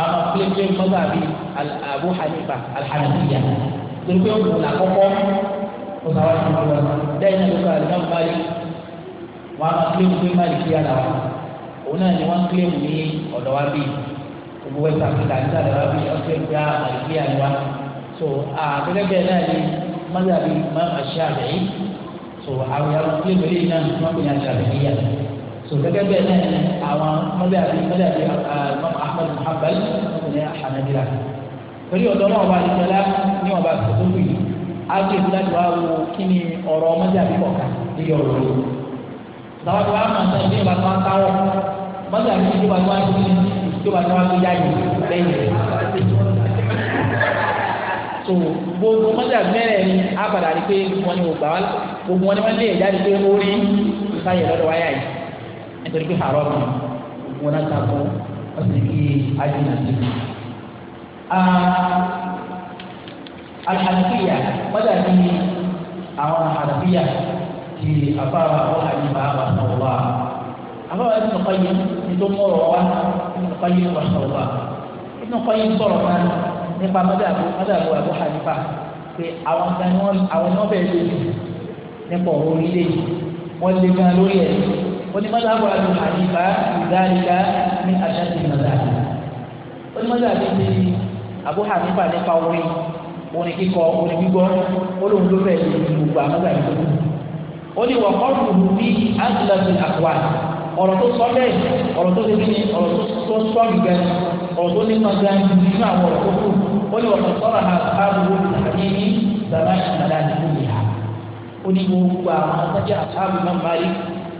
àwọn kílèmù kílèmù mọ́tò àbí Abu Hanifa alhànàfíyà torí pé òun là kọ́kọ́ òun àwọn ìṣòro lọ lẹ́yìn náà ló kọ́ àdúrà mbali wọn àwọn kílèmù pé má lè fi ara òun náà ni wọ́n kílèmù ní ọ̀dọ̀ wa bíi gbogbo West Africa ní sàlẹ̀ wa bíi ọ̀sẹ̀ gbé àlùfíà ni wa so àgbẹ̀gẹ̀ náà ni mọ́tò àbí mọ́ àṣà rẹ̀ yìí so àwọn ìyàwó kílèmù yìí náà ni wọ́n fi gẹ́gẹ́ bẹ́ẹ̀ náà àwọn mọ́lẹ́ àbí mọ́lẹ́ àbí àwọn ah, ahmed muhammed ní àhàmẹ́dìlá torí ọ̀dọ́ náà wà nígbàlá ní ọba àtúntò yìí á ké wa wo kí ni ọ̀rọ̀ mọ́lẹ́ àbí kọ̀ọ̀kan ní ọ̀rọ̀ yìí sáwọn tó wà máa sọ ìdí ìbátan wa káwọ̀ mọ́lẹ́ àbí ìdí ìbátan wa ti ní ìdí ìbátan wa ti yá yìí lẹ́yìn so gbogbo mọ́tà mẹ́rẹ̀ ni a padà rí pé gbogbo wọn ni wọ́n lé ìjáde pé ó rí ìfàyè lọ́dọ̀ wáyà yìí nítorí pé àárọ̀ kan wọn náà takò wọ́n sì kí ajínà sí i. alhàlùfíà wọ́n dà ní àwọn alhàlùfíà ti àbáwá àwọn àyíká àwọn àtàwọ̀wá. àbáwá ẹni nìkan yìí ní tó mọ̀ ọ̀rọ̀ wa ẹni nìkan yìí wà sọ̀rọ̀ ẹni nìkan yìí sọ̀rọ̀ náà nípa mọ́dàbọ̀ mọ́dàbọ̀ àbọ̀ àyíká pé àwọn kan àwọn náà bẹ̀rẹ̀ lórí nípa ọ̀rọ̀ orílẹ̀ yìí wọ́n gan lórí ẹ̀ onímọ̀láwọ̀ àti àyíká ìdáríká ní àṣàtì mọ̀láàbí onímọ̀láàbí ti Abu Hanifa nípa orin orin kíkọ orin gbígbọ́ olóhùn ló bẹ̀rẹ̀ ní gbogbo àmọ́gbà ìlú ó kọ́ọ̀tù lù bí ángelabi àkùwà ọ̀rọ̀ tó sọ bẹ́ẹ̀ ọ̀rọ̀ tó ṣe kíni ọ̀rọ̀ tó sọ gbígbẹ́ ọ̀rọ̀ tó ní gbàgbà nínú àwọn ọ̀rọ̀ tó kù ó ní wọ́n sọ̀rọ̀ àbúrò àbí ní sàmáì àdáni ó ní gbogbo àwọn sọ́jà àbúrò náà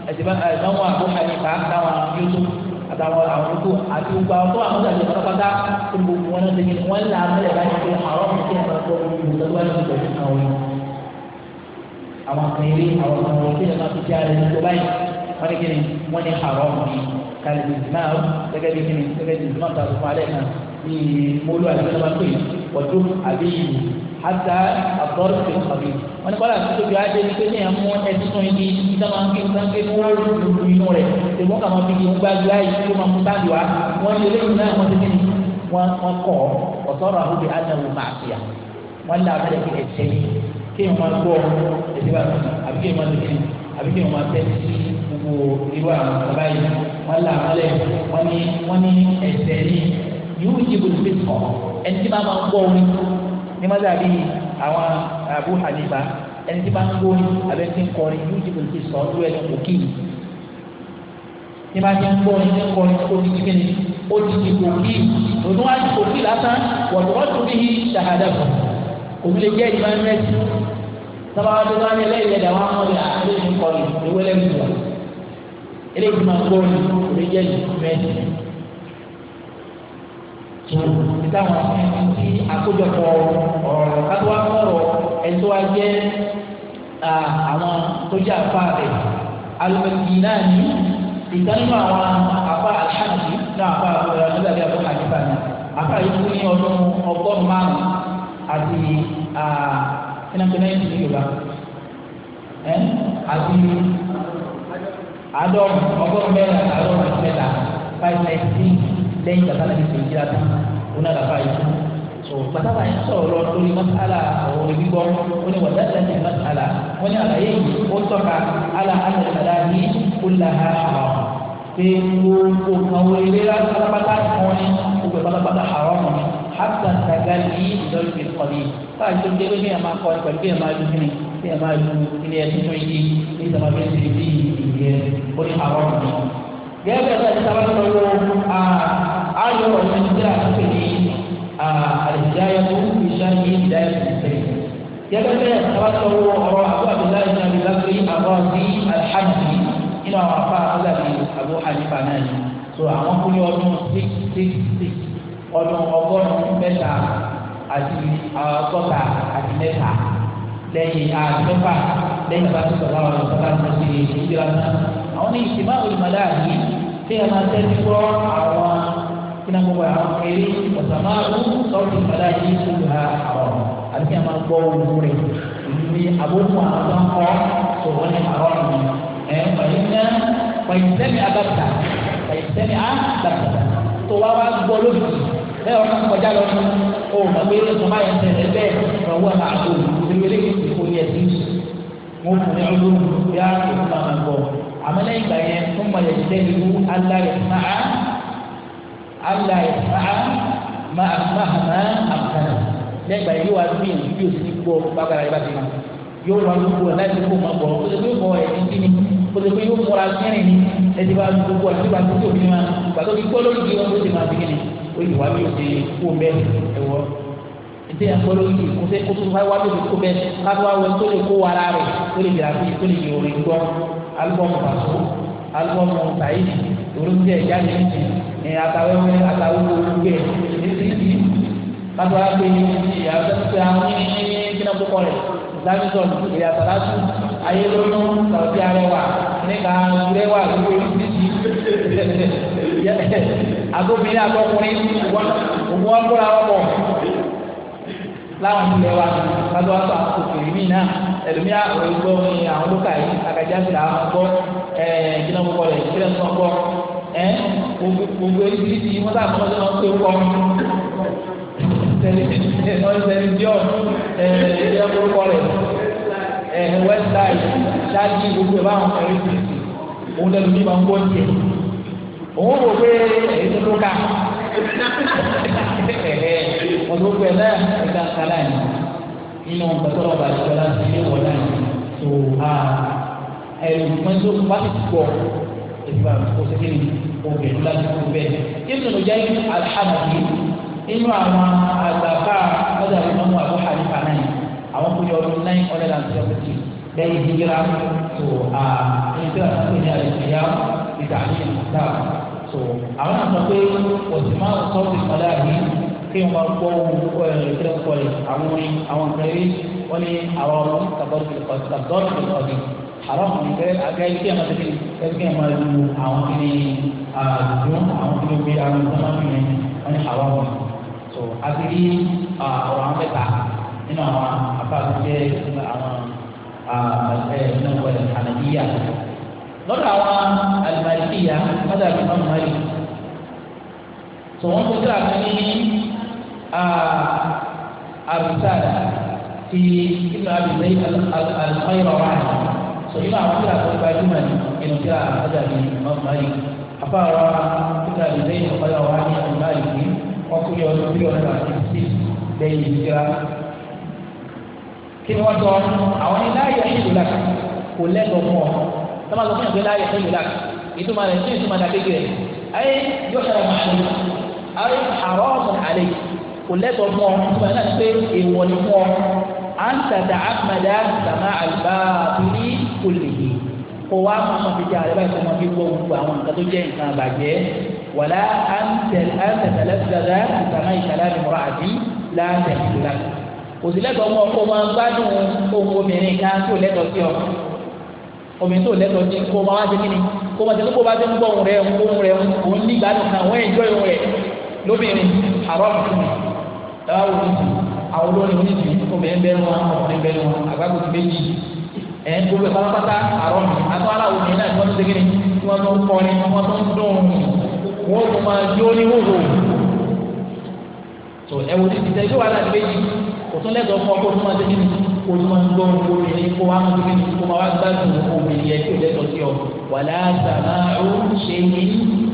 ẹ̀sìnmọ́ àbú hanifa táwọn yusuf àtàwọn àwọn olùkú àti gbogbo àwọn tó àwọn tó àti pátápátá tó gbogbo wọn náà segin wọn là ń lẹ̀ báyìí pé àwọn ọmọ kí ẹ̀ka tó gbogbo ìlú lọ́wọ́ ní ìgbà yìí àwọn yìí àwọn kan eré àwọn kan wọlé kí ẹ̀ka tó jẹ́ àrẹ ní gbogbo báyìí wọn ní kíni wọn ní àwọn ọmọ yìí kálí ìdìmọ̀ gẹ́gẹ́ bí kíni gẹ́gẹ́ bí ìdìmọ̀ tó wọ́tú àbí yìí ata àbọ̀rù tó kàbí wọ́n ní kọ́lá tó bí adé ní pé ní ẹ̀mú ẹtí tún ibi ìdáná kí n sáńké ní wọ́n rú lulu inú rẹ̀ tó mọ́ kàmá fi ń gbájú láyé tó máa mú táàbì wá wọ́n lé lẹ́yìn náà wọ́n ti kí ni wọ́n kọ́ ọ̀sọ́rọ̀ àhóbi adáwò máa fi à wọ́n lé abẹ́rẹ́ fi ẹ̀jẹ̀ ní kí n máa gbọ́ yóò yí ibùdó fi kọ ẹni tí máa ń gbọ́ orin ní má dàbí àwọn Abu Hanifa ẹni tí máa ń gbọ́ orin abẹ́ ti ń kọrin yóò yí ibùdó fi sọ ọdún ẹni òkè yìí tí máa ti ń gbọ́ orin ti ń kọrin ó ti kíkẹ́ ni ó ti di òkè òtún wá ti òkè lásán wọ̀tọ̀ wọ́n tún bí ṣàhádà fún òun lè jẹ́ ìmọ̀ ẹ̀mẹ́sì sábà wá tó bá ní ẹlẹ́yìn ẹ̀dá wọn àwọn ọ̀rẹ́ àlejò kọrin tó nígbà wọn ti àkójọpọ̀ ọ̀rọ̀ kátiwá sọ̀rọ̀ ẹ̀tọ́ wa jẹ́ àwọn tó jẹ́ àfa rẹ̀ alùpùpù náà ní ìdánimọ̀ àwọn àfa alhamdi náà àfa àbúrò nígbà tí a bọ̀ àdìbà náà àfa yìí kú ní ọdún ọgọ́rùn-ún márùn-ún àti ẹnàpẹ̀lẹ́ yìí ní yorùbá àti àádọ́rùn-ún ọgọ́rùn-ún mẹ́rin àti àádọ́rùn-ún mẹ́ta five nineteen lẹ́yìn bàtà náà ti fi ìjìlá tán òun náà làbá yìí tó bàtà bá yẹn sọ̀rọ̀ lọ lórí masala àwọn olùgbígbọ́ ó ní wàdà lẹ́yìn masala wọ́n ní àlàyé yìí ó tọ́ka ala alẹ́sàlá ní kúláha àwọn pé gbogbo kan wo ilé lápátápátá kan ní gbogbo pátápátá àwọn ọmọ mi hàtà sàgá ní ìdọ́lùfẹ́ kọ́ni báyìí tó ń dé pé máa kọ́ ẹ pẹ̀lú máa lu kíni bí máa lu ilé ẹ tuntun yìí ní ìjọba bí ẹ ti ní àwọn gẹ́gẹ́ bẹ́ẹ̀ sábà tó lọ ayọ̀ ọ̀sẹ̀ tí a ti pè ní àlìjáyà tó fi ṣáyé ìdáyà tó ti tẹ̀lé. gẹ́gẹ́ bẹ́ẹ̀ sábà tó lọ ọ̀rọ̀ àbú abdullahi ní abiláfi àbọ̀dí alhamdi nínú àwọn afá abúlàbí àbú hanifa náà ni. so àwọn kúlẹ̀ ọdún six six six ọdún ọgọ́rùn-ún mẹ́ta àti ọgọ́ta àti mẹ́ta lẹ́yìn àti mẹ́fà lẹ́yìn àbá tó sọ̀rọ̀ àwọn ọ̀sán láti ní ìsìnbá olùmọ̀lá yìí tí a máa tẹ́tí gbọ́ àwọn kínámọ́gbà àwọn eré ọ̀sánmáàlú sọ́ọ̀tì ìmọ̀lá yìí tó lù ha àwọn àti kí a máa gbọ́ ohun rẹ̀ ìlú àbókù àwọn tó ń kọ́ sọ̀rọ̀ ní àwọn ọ̀nà ẹ̀ pàyínná pàyínsẹ́mi àgbàtà pàyínsẹ́mi àgbàtà tó wá wá gbọ́ lójú ẹ̀ ọ̀nà kọjá lọ ó mà pé ọ̀sán máa yẹn tẹ̀lé bẹ́ẹ̀ ọ̀wọ́ àmọ́lẹ́ ìgbà yẹn fún mọ̀ yẹn jẹ́ ìlú aláyẹ̀fáà aláyẹ̀fáà máa máa àbùkánà lẹ́gbà yìí wà lóyún ìlú yóò sì gbọ́ bàbára yìí bá ti mọ̀ yóò wà lóko láti kó máa bọ̀ kó lóko yóò bọ̀ ẹ̀mí sí ni kó yóò múra kẹ́rin ni ẹtì bá gbogbo àti bá gbogbo mi ma gbàtó fi gbọ́ lórí kí wọ́n tó ti máa bí yìí wà lóyún ti kó bẹ́ẹ̀ ẹ̀wọ́ ẹtì yà gbọ́ lórí kí kó fẹ́ kó tó wá lóyún kó bẹ́ẹ̀ wọ tó lè kó wàrà rẹ̀ tó lè yàrá tó lè yọ̀ alúbọ̀mù pàṣọ alúbọ̀mù sàyídì olùdíje jáde ẹ àtàwéwé àtàwéwé olùgbé ẹsìkì kátó wá pé ìyàwó pé àwọn kíná púpọ̀ rẹ̀ dámísọ̀n ìyá sàlátù ayélujára sàwọ́dí arẹwà níka ìrẹwà gbogbo olùdíje àgóbìnrin àgọkùnrin wọn kóra wọn bọ̀ láwọn ìpínlẹ̀ wa kájọ wá sọ àwọn òkèèrè míì náà ẹlòmí àwọn ìgbọ́ ní àwọn lókà yìí àkàjáde àwọn gbọ́ ẹ̀ẹ́ jìnnà gbogbo rẹ̀ kílẹ̀ ń gbọ́ ẹ̀ gbogbo ibi tí wọ́n sá fún ọdún ọ̀sẹ̀ wọ́ ọ̀sẹ̀lẹ̀ díọ̀ ẹ̀ẹ́ gbogbo rẹ̀ ẹ̀ẹ́ wẹ́sítáì ṣáàjì gbogbo ẹ̀ báwọn ẹ̀rí ti òun lẹ́nu ní ma ń gbọ́ jẹ òun rò pé èyí ọdún gbẹ náà ẹ̀ka kálá yìí nínú pẹ̀tọ́lọ̀ bàjẹ́ láti ilé wọ̀ náà tó a ẹ̀rù mọ́tò bá ti pọ̀ ìgbà òṣèlú òkè láti kú bẹ́ẹ̀. ibùdó ló jẹ́ alhamdi inú àwọn àgbàfà ọ̀dà ìmọ̀mú àbú hanifa náà àwọn kúnyọ̀ ọdún nine hundred and seventy lẹ́yìn hijira tó a ẹni tí wọ́n ti pè ní àlùfíà ìdààmú ìdààmú tó àwọn àtọ́ pé òsì máa ń sọ́ọ̀tì padà yìí kí n máa gbọ́ ìṣẹ̀lẹ̀ kọ́lẹ̀ àwọn orin àwọn kẹrin wọ́n ní àwọn ọmọ tàbọ̀tì tàbọ̀tì tàbọ̀tì àwọn ọmọ ìfẹ́ agáyé kí ẹ máa tẹ̀lé ẹ kí ẹ máa lu àwọn kiri àdùn àwọn kiri omi àwọn ìfọwọ́n yẹn wọ́n ní àwọn ọmọ tó agiri ọ̀rọ̀ àwọn mẹ́ta nínú àwọn afáàgbẹ́ àwọn àwọn àlùmáìlì yà àrùsáàdà ti ibn abi zayd al-qayrawani so ibn abi zayd al-qayrawani inú kíra àbájá ní mọ́mọ́lì afárá ibn abi zayd al-qayrawani al-maliki wọ́n kú yọ ọdún bílíọ̀nù àti sí lẹ́yìn kíra kí ni wọ́n tọ́ àwọn ní láàyè ìlú làkà kò lẹ́tọ̀ọ́ fún ọ sábà lọ́kàn ìgbé láàyè ìlú làkà ìtumọ̀ rẹ̀ sí kò lẹ́tọ̀ọ́ mọ́ ọ nígbà náà pé èèwọ̀ ni mọ́ ọ à ń tàdà àmàdà sàmà àlùbá àbúrí kò lè yé kó wá máa ma fi jẹ àrẹ báyìí kó máa fi gbọ́ gbogbo àwọn nǹkan tó jẹ́ nǹkan àbàjẹ́ wàlá à ń tẹ̀lé dada sàmà ìkàlà ni mọ́ra àbí láǹtẹ̀ ìlà kò sí lẹ́tọ̀ọ́ mọ́ ọ kó máa gbádùn ohun obìnrin kan tó lẹ́tọ̀ọ́ sí ọ obìnrin tó lẹ́tọ̀ọ́ sí kó máa wá sí kíni kó máa ti kó bá ti ń gbọ́ òun rẹ̀ òun rẹ̀ òun nígbà nìkan òun ẹ̀jọ́ òun rẹ̀ lóbìnrin àrọ́ àbùkù ẹ wá wò ní ti àwọn olórin ní ti obìnrin bẹ́ẹ̀ wọn ọkùnrin bẹ́ẹ̀ wọn àgbàgbọ́ ti méjì ẹ̀ ń gbogbo pátápátá àrọ́ mi àti wọn aláwọ̀ mi náà ni wọ́n ti segin ni wọ́n tó ń kọrin wọ́n tó ń dùn wọ́n tó máa jó ní wòwò tó ẹ wò ní ti tẹ́jú wàhálà ti méjì kò tún lẹ́tọ̀ọ́ fún ọkọ̀ tó máa segin ni kó tó máa gbọ́ obìnrin kó wá máa segin ni kó máa wá gbádùn obìnrin ẹ̀ tó lẹ́tọ̀ọ́ sí ọ wàlá sàmáà ó ṣe ní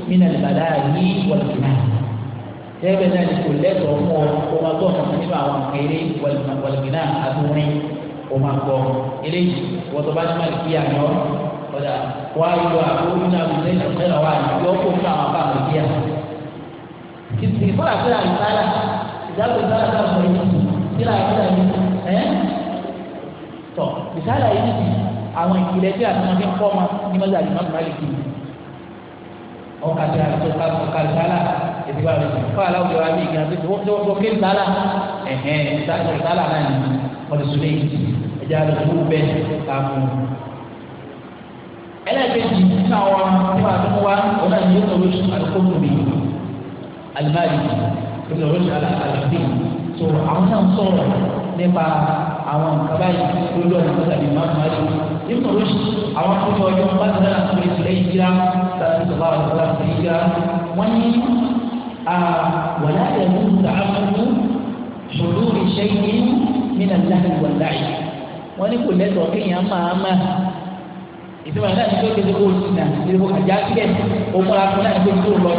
mí tẹ́lẹ̀ náà ni kò lẹ́tọ̀ọ́ fún ọ kó máa gbọ́ ọ̀nà nínú àwọn àkèrè wàlùmínà àtúnrin kó máa gbọ́ eléyìí wọ́tọ̀ bá ní má kí àná ọ̀dà wá yọ àbúrò náà lè ní ọ̀fẹ́ lọ́wọ́ àyọ̀ kó fún àwọn àbá àmì kíá. títí fúnra fúnra mi sára ìdáàbò náà mọ̀ ní síra fúnra mi ẹ́ tọ̀ ìsára yìí àwọn ìkìlẹ̀ tí àtúnṣe fọ́ ọmọ ní mọ́tò àdìmọ́ wọn kà sí àtúntò ká sọ ká sálà ètò ìbára rẹ fún aláwùjọ wa bí ìgbà tó tó tó ké sálà ẹhẹn ìtàkùn sálà náà ni wọn sùn ní ẹjẹ àlùkù bẹ́ẹ̀ ká fún un. ẹlẹ́ẹ̀kejì nínú àwọn tí wàá tó wá wọn náà ní yóò lọ sí àlùkò tóbi alimari yóò lọ sí àlùkò tóbi tó àwọn náà sọ̀rọ̀ nípa àwọn nǹkan báyìí lójú ọ̀nà tó tàbí máa máa yọ. nínú oṣù àwọn akókò ọjọ́ bá ti dára pé ilé ìjìlá láti sọ̀rọ̀ àwọn ọ̀gá àti ìjìlá wọ́n ní wàlá ẹ̀mú tààmù ṣòro ìṣe yìí nínú aláhùn wàláì. wọ́n ní kò lẹ́tọ̀ọ́ kéèyàn máa máa ìtumọ̀ náà ní kí o tètè kó o àjà sílẹ̀ o múra náà ní kó lọ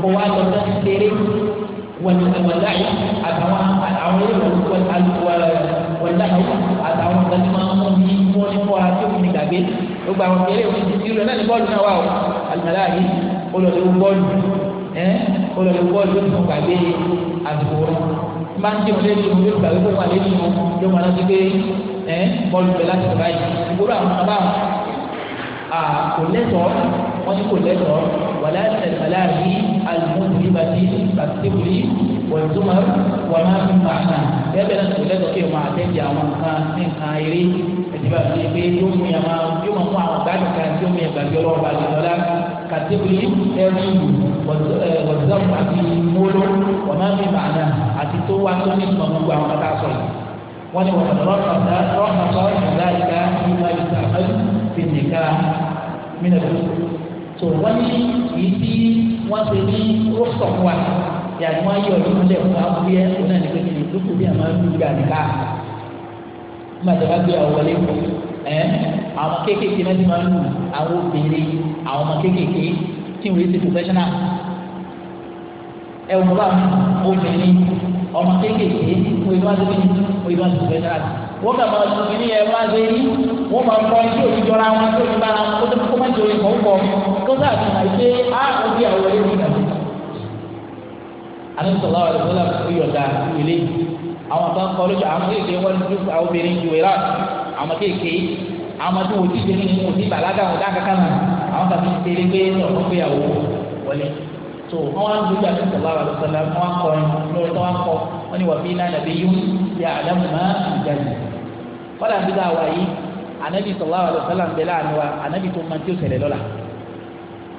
kó wa lọ sọ́ọ́ ti tẹ̀lé wọ̀nyí wọ̀nyí àtàwọn àwọn yóò lọ wọn alùpùpù ara rẹ̀ wọlé àtàwọn nǹkan máa mú ní mú ní mú ara tí ó fi ní gàgbé gbogbo àwọn kéré òní irú náà ní bọ́ọ̀lù náà wà o àlùmọ́lá yìí olùdó bọ́ọ̀lù ẹ́ olùdó bọ́ọ̀lù tó fún gàgbé àdúgbò rẹ̀ máa ń dìbò lẹ́yìn ìwé gbàgbé fún wa lẹ́yìn ìwé máa ń dìbò ẹ́ bọ́ọ̀lù bẹ̀ láti sọ̀rọ̀ báyìí ìgboro àwọn ọmọ kò lẹ́tọ̀ọ́ wọ́n ní kò lẹ́tọ̀ọ́ wàlá ẹ̀sẹ̀lá rí alùpùpù bàtí bàtìkùrì wọ̀ntúmọ̀ wọ́n máa fi máa nà bẹ́ẹ̀ bẹ́ẹ̀ náà kò lẹ́tọ̀ọ́ kí o máa tẹ́tí àwọn nǹkan ní nǹkan eré ẹ̀dìbà tó yẹ pé yóò mú yàrá yóò máa mú àwọn gbàgbé kan yóò mú yàrá gbàgbé ọlọ́wọ́ bá lè lọ́la kàtẹ́kùrì ẹ̀rù wọ̀ntúmọ̀ àti móló wọ́n máa fi máa àti tó wá tó ní ìmọ̀ gbogbo àwọn kàtà sọ̀rọ̀ wọ́n ní wọ́n rọ́ọ̀kọ̀ fi nìka mílẹ̀ tó tó wọ́n ní èyí tí wọ́n ti ní rọ́sọ̀ wa yàtí wọ́n yọ ọdún lẹ̀ fún abúlé ọ̀nà nìkan ní ìdókòó bí àwọn ẹgbẹ́ nìka mọ̀tàbá gbé àwọn wọlé fún ẹ àwọn kéékèèké náà ti máa ń lù àwọn obìnrin àwọn ọmọ kéékèèké tí wọ́n ti professional ẹ wọ́n bá obìnrin ọmọ kéékèèké wọ́n ìlú àti wọ́n ìlú àti professional wọ́n kà máa tún ní ẹ máa ṣe rí wọ́n máa kọ́ ẹ tí ò ní jọra wọn tí ò ní bára wọn tó kó má jọ ìkọ̀ ń kọ̀ tó sáà ti máa ṣe á kó bí àwọn ẹlẹ́wọ̀n nígbà tó. àdéhùn sọ̀rọ̀ àwọn ẹ̀dọ́gbọ́n láti fi yọ̀dà ilé àwọn kan kọ́ lóṣù àwọn kéèké wọn ju àwọn obìnrin ju ìrà àwọn kéèké àwọn tó wò tíṣe nínú òní bàlágà wọn dá kankan àwọn kàfi ń tẹ̀lé pé ọ̀rọ̀ pé tó wọn á dúró àti sọ̀rọ̀ àwọn ọ̀sán lórí tó wọn kọ́ wọn ni wà fi náà nàbí yún yà àdámù máa ń jáde kọ́dà bí dáa wà yìí anabi sallallahu alayhi wa sallam bẹ̀rẹ̀ àná wa anabi tó máa ń tí ó ṣẹlẹ̀ lọ́la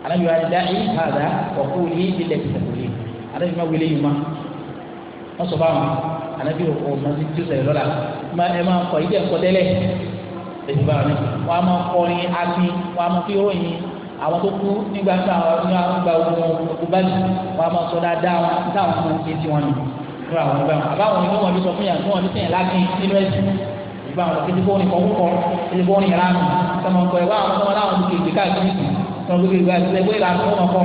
anabi wa da ẹ̀yí kàdá ọ̀kú ní ilẹ̀ ìsẹ̀kùlé anabi máa wílé yìí ma wọ́n sọ fáwọn anabi ò máa ń tí ó ṣẹlẹ̀ lọ́la ẹ máa kọ ìdí ẹ̀kọ́ tẹ́lẹ̀ ẹ̀dí bá wọn wọ́n á máa kọrin àti wọ́n á máa fi ròyìn àwọn tó kú nígbà tí àwọn ní àwọn gba ogun ogun bá jù wọ́n á máa sọ dáadáa wọn táwọn fún etí wọn nù fún àwọn ọgbà wọn àbáwọn ni wọ́n wọ́n sọ fún yàn wọn ní sẹ́yìn lákìn nínú ẹ̀sìn bá wọn kí ndébó orin kọkúkọ ndébó orin ìlànà sọmọ nǹkan ìwà àwọn ọmọ láwọn olùkè ìgbé káàkiri sọmọ gbogbo ìgbà ìgbà ìgbà ìlànà ọmọ kọ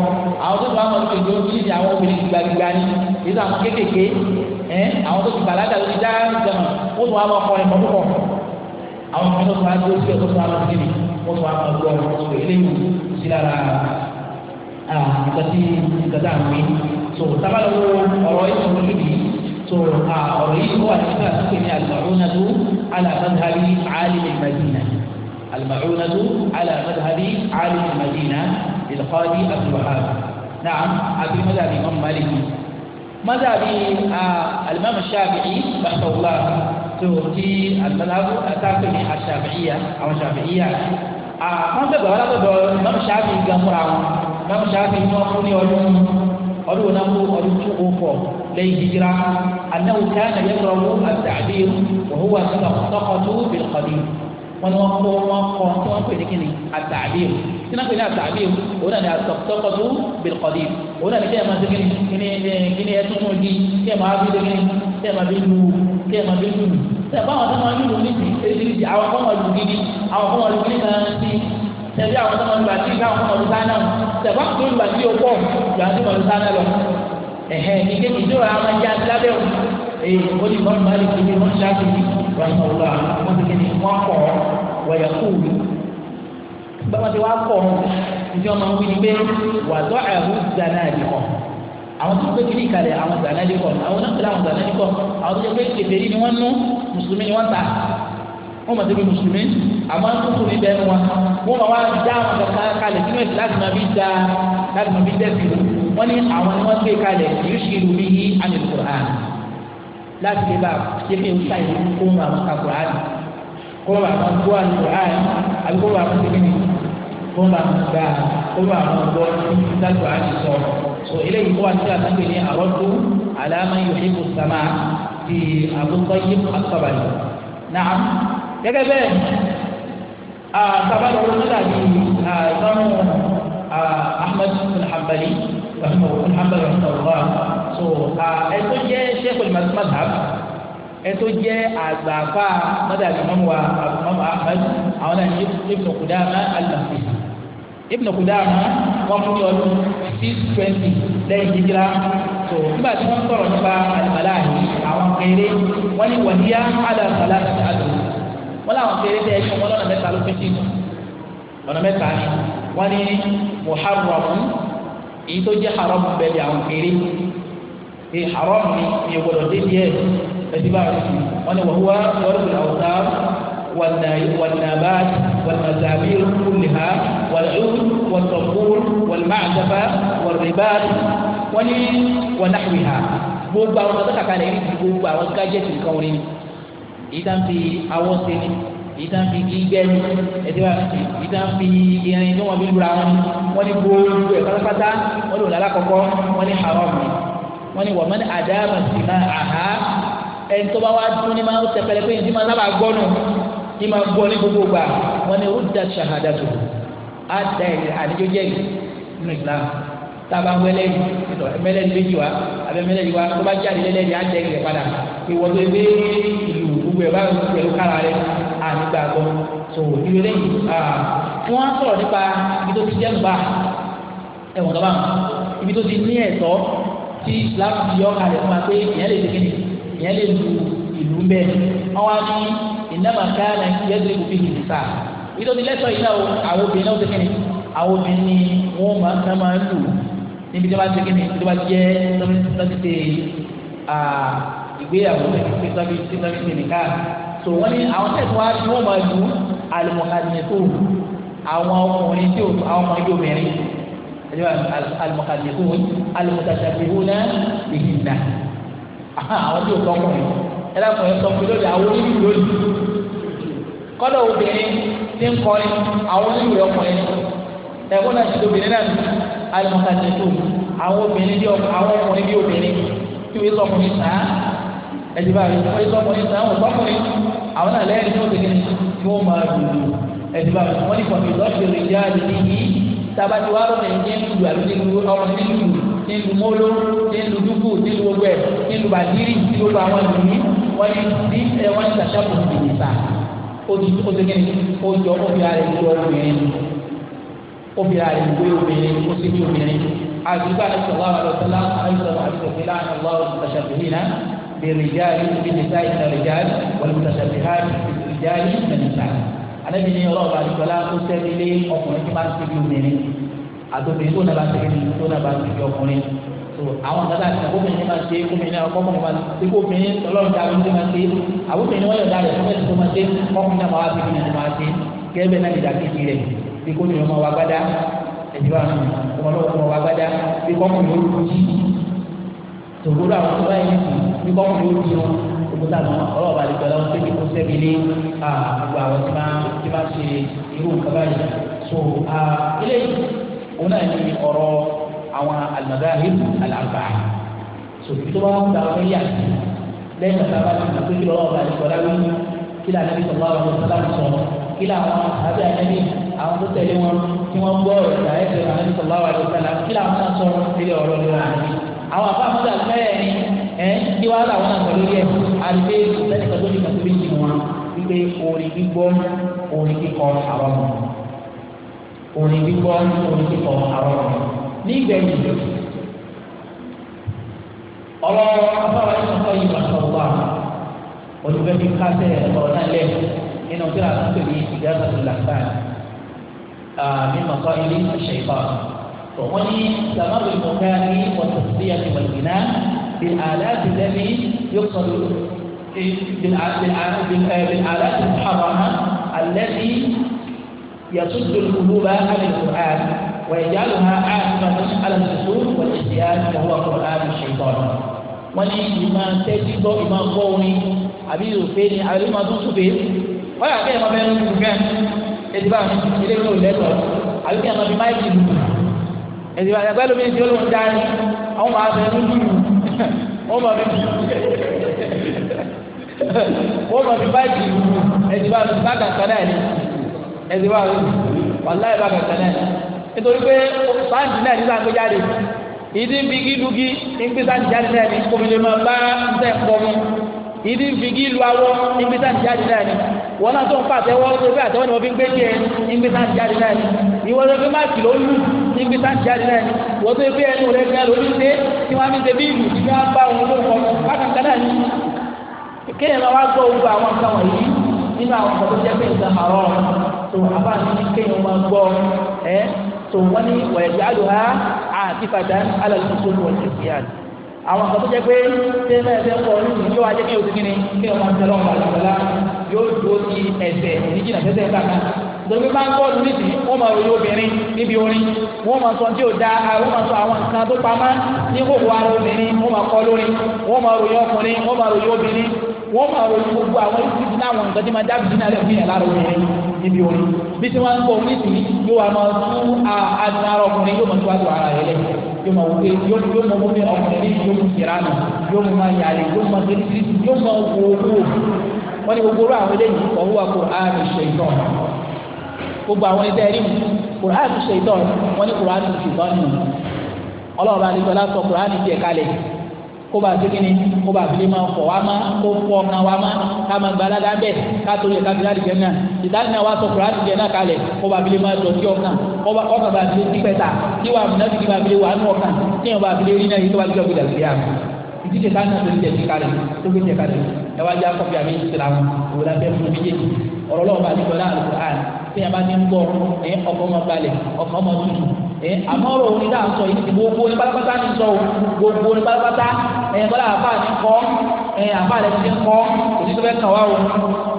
àwọn tó bá wọn olùkè ìgbé ojú àwọn obìnrin gbàgbà ni èyí sọ àwọn kékèké ẹ àwọn tó ti bàlágà lórí dá ìjọba ó tún wà lọ kọrin kọkúkọ àwọn ọmọ tó wà lọ sí ọtún wà lọ sí wọn tún wà lọ gbọ ọmọ tó eléyìí sí دكتور عوري هو الإمام سمي المعونة على مذهب عالم المدينة المعونة على مذهب عالم المدينة القاضي أبو الوهاب نعم أبي مذهب الامام مالك مذهب الإمام الشافعي رحمه الله تؤتي المذهب أتاكمي الشافعية أو الشافعية مذهب هذا مذهب الإمام الشافعي كان مرعون الإمام الشافعي هو أخوني أولو أولو نبو أولو lẹ́yìn hijira anáwó ká nà yẹ kọrọ wọn àtàdé òhun wà sọ tọkọtò bìlkọdì wọn ni wọn kọ wọn kọ tí wọn pè ní kíni àtàdé tí wọn pè ní àtàdé òun náà ni àtọkọtò bìlkọdì òun náà ni kí ẹ máa ṣe kíni kíni kíni ẹ tuntun di kí ẹ máa fi ṣe kíni kí ẹ máa fi lu kí ẹ máa fi lu tẹ báwọn tó máa lùlù níbi èdèdè àwọn kọ́ máa lù gidi àwọn kọ́ máa lù gidi náà ti tẹ̀lé àwọn tó máa lù bàtí káwọn kọ́ máa lù sáná tẹ̀ bá tó lù bàtí yóò pọ̀ lù àti máa lù sáná lọ ẹ̀hẹ́ ìdíje ìdó àwọn ẹja lábẹ́ òun èyí ó ní bọ́ọ̀lù máa lè fi ní wọ́n ṣáàbì rọ̀ṣọ̀lá wọ́n ti kéde wọ́n kọ̀ wọ̀yà kúùlù gbọ́dọ̀ ti wá kọ̀ ní ọmọ wí ni pé wàtọ́ ẹ̀rú zanadi kọ̀ àwọn tó gbé kiri kalẹ̀ àwọn zanadi kọ̀ àwọn náà kiri àwọn zanadi kọ̀ àwọn tó jẹ́ pé kèfèrí ni wọ́n nú mùsùlùmí ni wọ́n ta wọ́n mọ̀ débi mùsùlùmí àmọ́ tuntun mi bẹ́ẹ̀ wọn wọ́n mọ̀ wá dá àwọn kankan wọ́n ní àwọn ni wọ́n gbé kalẹ̀ yóò ṣe irú bí yí àmì kùrán láti lè bá ṣe fi ń ta ìlú kó wọn àwọn ka kùrán kó wọn àwọn gbọ́ àmì kùrán àbí kó wọn àwọn ṣe kíni kó wọn àwọn gbà kó wọn àwọn gbọ́ ní kùrán sọ so eléyìí kó wọn ti àti pé ní àwọn tó àlàmà yóò ṣe kó sàmà ti àbúkọ yìí àtọ̀bàlì náà gẹ́gẹ́ bẹ́ẹ̀ àtàbàlì wọn ti rahmu alhamdu rahmatullah so ẹtọ jẹ sẹkọl mazhab ẹtọ jẹ àgbàfà madhab imam wa imam ahmed àwọn náà ní ibn kudama al-masih ibn kudama wọn fún yọ ọdún six twenty lẹ́yìn jíjìlá so nígbà tí wọn sọ̀rọ̀ nípa alimalahi àwọn kéré wọn ni wàdíyà alàkàlà àdó wọn làwọn kéré tẹ ẹsẹ wọn lọ́nà mẹ́ta ló fi sí ọ̀nà mẹ́ta ni wọn ni muharram èyí tó jẹ́ haram bẹ́ẹ̀ ni àwọn kéré ṣe haram ni mi gbọdọ̀ dé díẹ̀ ẹtí bá rẹ̀ sí wọn ni wàhùwà wàlúùlù àwùjá wàlnàbàt wàlnàzàbír kùnìhà wàlúù wàtọ̀kùr wàlmàdàbà wàlrìbàt wọn ni wànàhùwìhà gbogbo àwọn tó kàkà lẹ́yìn gbogbo àwọn gájẹ́tì nǹkan wọn ni ìdá ń sẹ́ni ìdá fi kí gbẹ́ni ẹ̀dí wa ìdá fi irin tó wọn fi lura wọn wọn ní gbogbo ẹ̀ pátápátá wọn ní òlàlá kọ̀kọ́ wọn ní haram ni wọn ní wàmán àdáàmà sí máa àhá ẹni tó bá wá dún ní máa ń tẹpẹlẹ pé ní máa sábà gbọ́nù ní máa gbọ́ ní gbogbo gbà wọn ní rúdà ṣàhàdà tó á da ẹ̀ àdéjọ́ jẹ́ nínú ìlànà tába wẹlẹ mẹlẹ ní méjì wa abẹ mẹlẹ ní wa tó bá jáde lẹlẹ ní á jẹ ìrẹ padà ìwọ tó ebe ìlú gbogbo ẹ̀ bá ń pẹ̀lú kára rẹ̀ ànígbàgbọ́ tó ìwé lẹ́yìn wọ́n á sọ̀rọ̀ nípa ibi tó ti jẹ́ nùbà ẹ̀wọ̀n kaba ibi tó ti ní ẹ̀tọ́ tí islam ti yọ kalẹ̀ fún wa pé ìyẹn lè dégé ìyẹn lè lu ìlú ń bẹ́ wọ́n wá ní ìnáma káyàlá ìyẹn tó kò fi hì sá ibi tó ti lẹ́tọ̀ yìí náà àwọn obìnrin náà dégé àwọn obìnrin ni wọ́n máa ń máa ń lù níbi ìgbéyàwó títọ́bí títọ́bí tìǹkà tó wọ́n ní àwọn tẹ̀sán wa ni wọ́n máa lu alimọ̀kadìyẹ́tò àwọn ọkùnrin tí àwọn ọmọ yóò mẹ́rin ẹ̀jẹ̀ alimọ̀kadìyẹ́tò alimọ̀kadìyẹ́tò náà èyí nà àwọn tí ò tọkùnrin ẹ̀rọ ọkùnrin tọkùnrin lóde àwọn onílù lóde kọ́dọ̀ obìnrin ti ń kọrin àwọn onílù ọkùnrin ẹ̀kọ́ náà ti obìnrin náà alimọ̀kadìyẹ́tò àwọn obìnrin bí ọkùnrin bí obìnrin tí wọ́n sọkùnrin sáà ẹtì báyìí wọ́n yẹ sọ́kùnrin sọ àwọn sọ́kùnrin àwọn náà lẹ́yìn tó tẹ̀lé kí wọ́n máa lù lù ẹtì báyìí wọ́n ní kọ̀mí lọ́sọ̀rọ̀ ìyá àdìdì yìí tabati wa lọ́nà ìdí ńlù àti ńlù ọmọ ńlù ńlù mọ́lọ́ ńlù dúkù ńlù gbogbo ẹ̀ ńlù bàdírì ńlù àwọn ìlú yìí wọ́n ní ní wọ́n ní sàṣàbù ìdìbò sá oṣooṣẹ́ni oṣù ọ̀bìnrin rẹ̀ ló obìnrin obìnrin rẹ̀ ló obìnrin oṣooṣi obìnrin àgbẹ̀gbẹ̀ àti sọ̀rọ̀ àwọn ọ̀sán láti àìsàn àti sọ̀rọ̀ àti sọ̀rọ̀ بالرجال بالنساء من الرجال والمتشابهات بالرجال من النساء anabi ni ọlọ́ọ̀bà àdìgbọ́lá tó tẹ́lẹ̀ lé ọkùnrin tí máa ń tẹ́lẹ̀ obìnrin àtòbìnrin tó nàbà tẹ́lẹ̀ tó nàbà tẹ́lẹ̀ ọkùnrin tó àwọn dada àti àbóbìnrin ní máa ń ṣe obìnrin náà ọkọ̀ọ̀kùnrin máa ń ṣe kó obìnrin ọlọ́run dá obìnrin máa ń ṣe àbóbìnrin wọ́n yọ̀ dá rẹ̀ fún ẹ̀sìn tó máa ń ṣe ọkùnrin náà máa wá sí ìbìnrin tó náà nìjà kejì rẹ̀ bí kó nìyọ̀ máa wá gbádá ẹ̀dí wa ọmọ náà wọ́n máa wá gbádá bí kọ́kùnrin ó lù ú tòwúrọ̀ àwọn tó bá yẹn ti bí kọ́kọ́ ló di wọn òkúta àwọn ọlọ́ọ̀bà lè gbẹ̀lẹ́ wọn tó kíkó sẹ́bi ní àgbà àwọn tí máa tí máa ṣe irú nǹkan báyìí so eléyìí òun náà ní ọ̀rọ̀ àwọn al-madhahib al so ibi tó bá wọn gbà wọn yà sí lẹ́yìn ọ̀sán bá ti sọ pé kí ọlọ́ọ̀bà lè gbọ́dá wí kí lànàbí sọ̀rọ̀ àwọn ọ̀sán sọ kí làwọn àbí àyẹ̀mí àwọn tó tẹ̀lé wọn tí wọ́n gbọ́ ọ̀rọ̀ ìgbà àwọn àbí sọ̀rọ̀ àwọn àbí sọ̀rọ̀ kí làwọn náà sọ̀rọ̀ àwọn àbá àmúdà mẹ́rin ẹ̀ kí wàá làwọn náà pẹ̀lú yẹ àgbẹ̀ ìfẹ́nìkan tó ní ìgbà tó bí jì wọn wípé orin gbígbọ́ orin kíkọ àwọn ọmọ orin gbígbọ́ orin kíkọ àwọn ọmọ nígbẹ̀yìn ọlọ́wọ́ afárá yìí sọ̀tọ̀ yìí wàá sọ̀rọ̀ wá olùfẹ́ fi kásẹ̀ ọ̀rọ̀ náà lẹ̀ nínú kíláàsì pẹ̀lú ìdí àtàkùn làkàn mímọ̀kọ́ ilé ìṣẹ̀fà. فهني تمر المكان والتصفية والبناء بالآلات التي يقصد آه، بالآلات المحرمة التي يصد القلوب عن القرآن ويجعلها عاصمة على الجسور والاجتهاد وهو قرآن الشيطان. وني بما تجد بما قوني أبيض فيني على ما تصبر ويعطيها ما بين المكان إدبان إلى كل لتر ما بما يجد èdè àgbẹ̀ lómi ti olóhùn dání àwọn máa fẹ́ lójú wọn máa fi wọn máa fi báyìí èdè bá fi bá kàkà náà ni èdè bá fi wàláyé bá kàkà náà ni nítorí pé sáǹtì náà ní sáǹtì jáde ìdí ń fi kí lugi ń gbé sáǹtì jáde náà ni kòmí lè máa bá ń tẹ̀ pọ̀ mu ìdí ń fi kí lu awọ ń gbé sáǹtì jáde náà ni wọn náà tó ń pàtẹ́wọ́ tó fi ti gbé sáà jáde náà ni wọ́n tó gbé ẹnu rẹ̀ gbẹ́ lórí ṣe tí wọ́n á fi ṣe ìlú tí wọ́n á bá wọn ló kọ́ bákan náà ni kéèyàn máa wá gbọ́ gbogbo àwọn nǹkan wọ̀nyí nínú àwọn nǹkan tó jẹ́ pé nǹkan àrọ́ tó àbá ní kéèyàn máa gbọ́ ẹ́ tó wọ́n ní wẹ̀yẹ̀ àlùhá àti fàdá alàlùfẹ́ tó àwọn kan tó jẹ pé ṣé ẹ fẹ́ kọ ọdún yóò wá jẹ́ kí o ti kí ni kí ọmọ ìjọba ọmọ àgbàlá yóò dúró sí tòbí bá ń bọ́ọ̀lù nídìí wọ́n máa ròyìn obìnrin níbi orin wọ́n máa sọ tí ò da wọ́n máa sọ àwọn nǹkan tó pamọ́ ní ma ara obìnrin wọ́n máa kọ́ lórí máa ròyìn ọkùnrin máa ròyìn obìnrin máa ròyìn gbogbo àwọn àwọn nǹkan tí máa yẹn lára obìnrin níbi orin bí tí ń yóò wá máa tú ọkùnrin yóò máa tú ara yóò máa yóò máa ọkùnrin yóò gbogbo àwọn ẹgbẹ́ rí mu kùránì tó ṣe ìtọ́ wọn ní kùránì tó ṣùgbọ́n nù ọlọ́ọ̀bá ní gbọ́dá sọ kùránì tiẹ̀ kalẹ̀ kó bá ti kíni kó bá fi lè máa fọ̀ wá má kó fọ̀ ọ̀nà wá má ká máa gba aládàá bẹ́ẹ̀ ká tó yẹ ká fi láti jẹ náà ìdáni náà wá sọ kùránì jẹ náà kalẹ̀ kó bá fi máa dọ̀tí ọ̀nà ọ̀nà bá fi lè pẹ́ta kí wàá mú fi lè wà á ọ̀nà kí wàá bá fi rí náà yìí tó bá fi ọ̀gbìn ọ̀rọ̀ lọ́wọ́ bá ti gbọ́ láàrin Qur'an tí a bá ti ń gbọ́ ẹ ọkọ̀ ọmọ balẹ̀ ọkọ̀ ọmọ tutù ẹ àmọ́ ọ̀rọ̀ orin náà sọ yìí ti gbogbo ní pátápátá ní sọ gbogbo ní pátápátá ẹ bọ́lá àfa ní kọ́ ẹ àfa rẹ̀ ti ń kọ́ òtí tó fẹ́ kàn wá o àwọn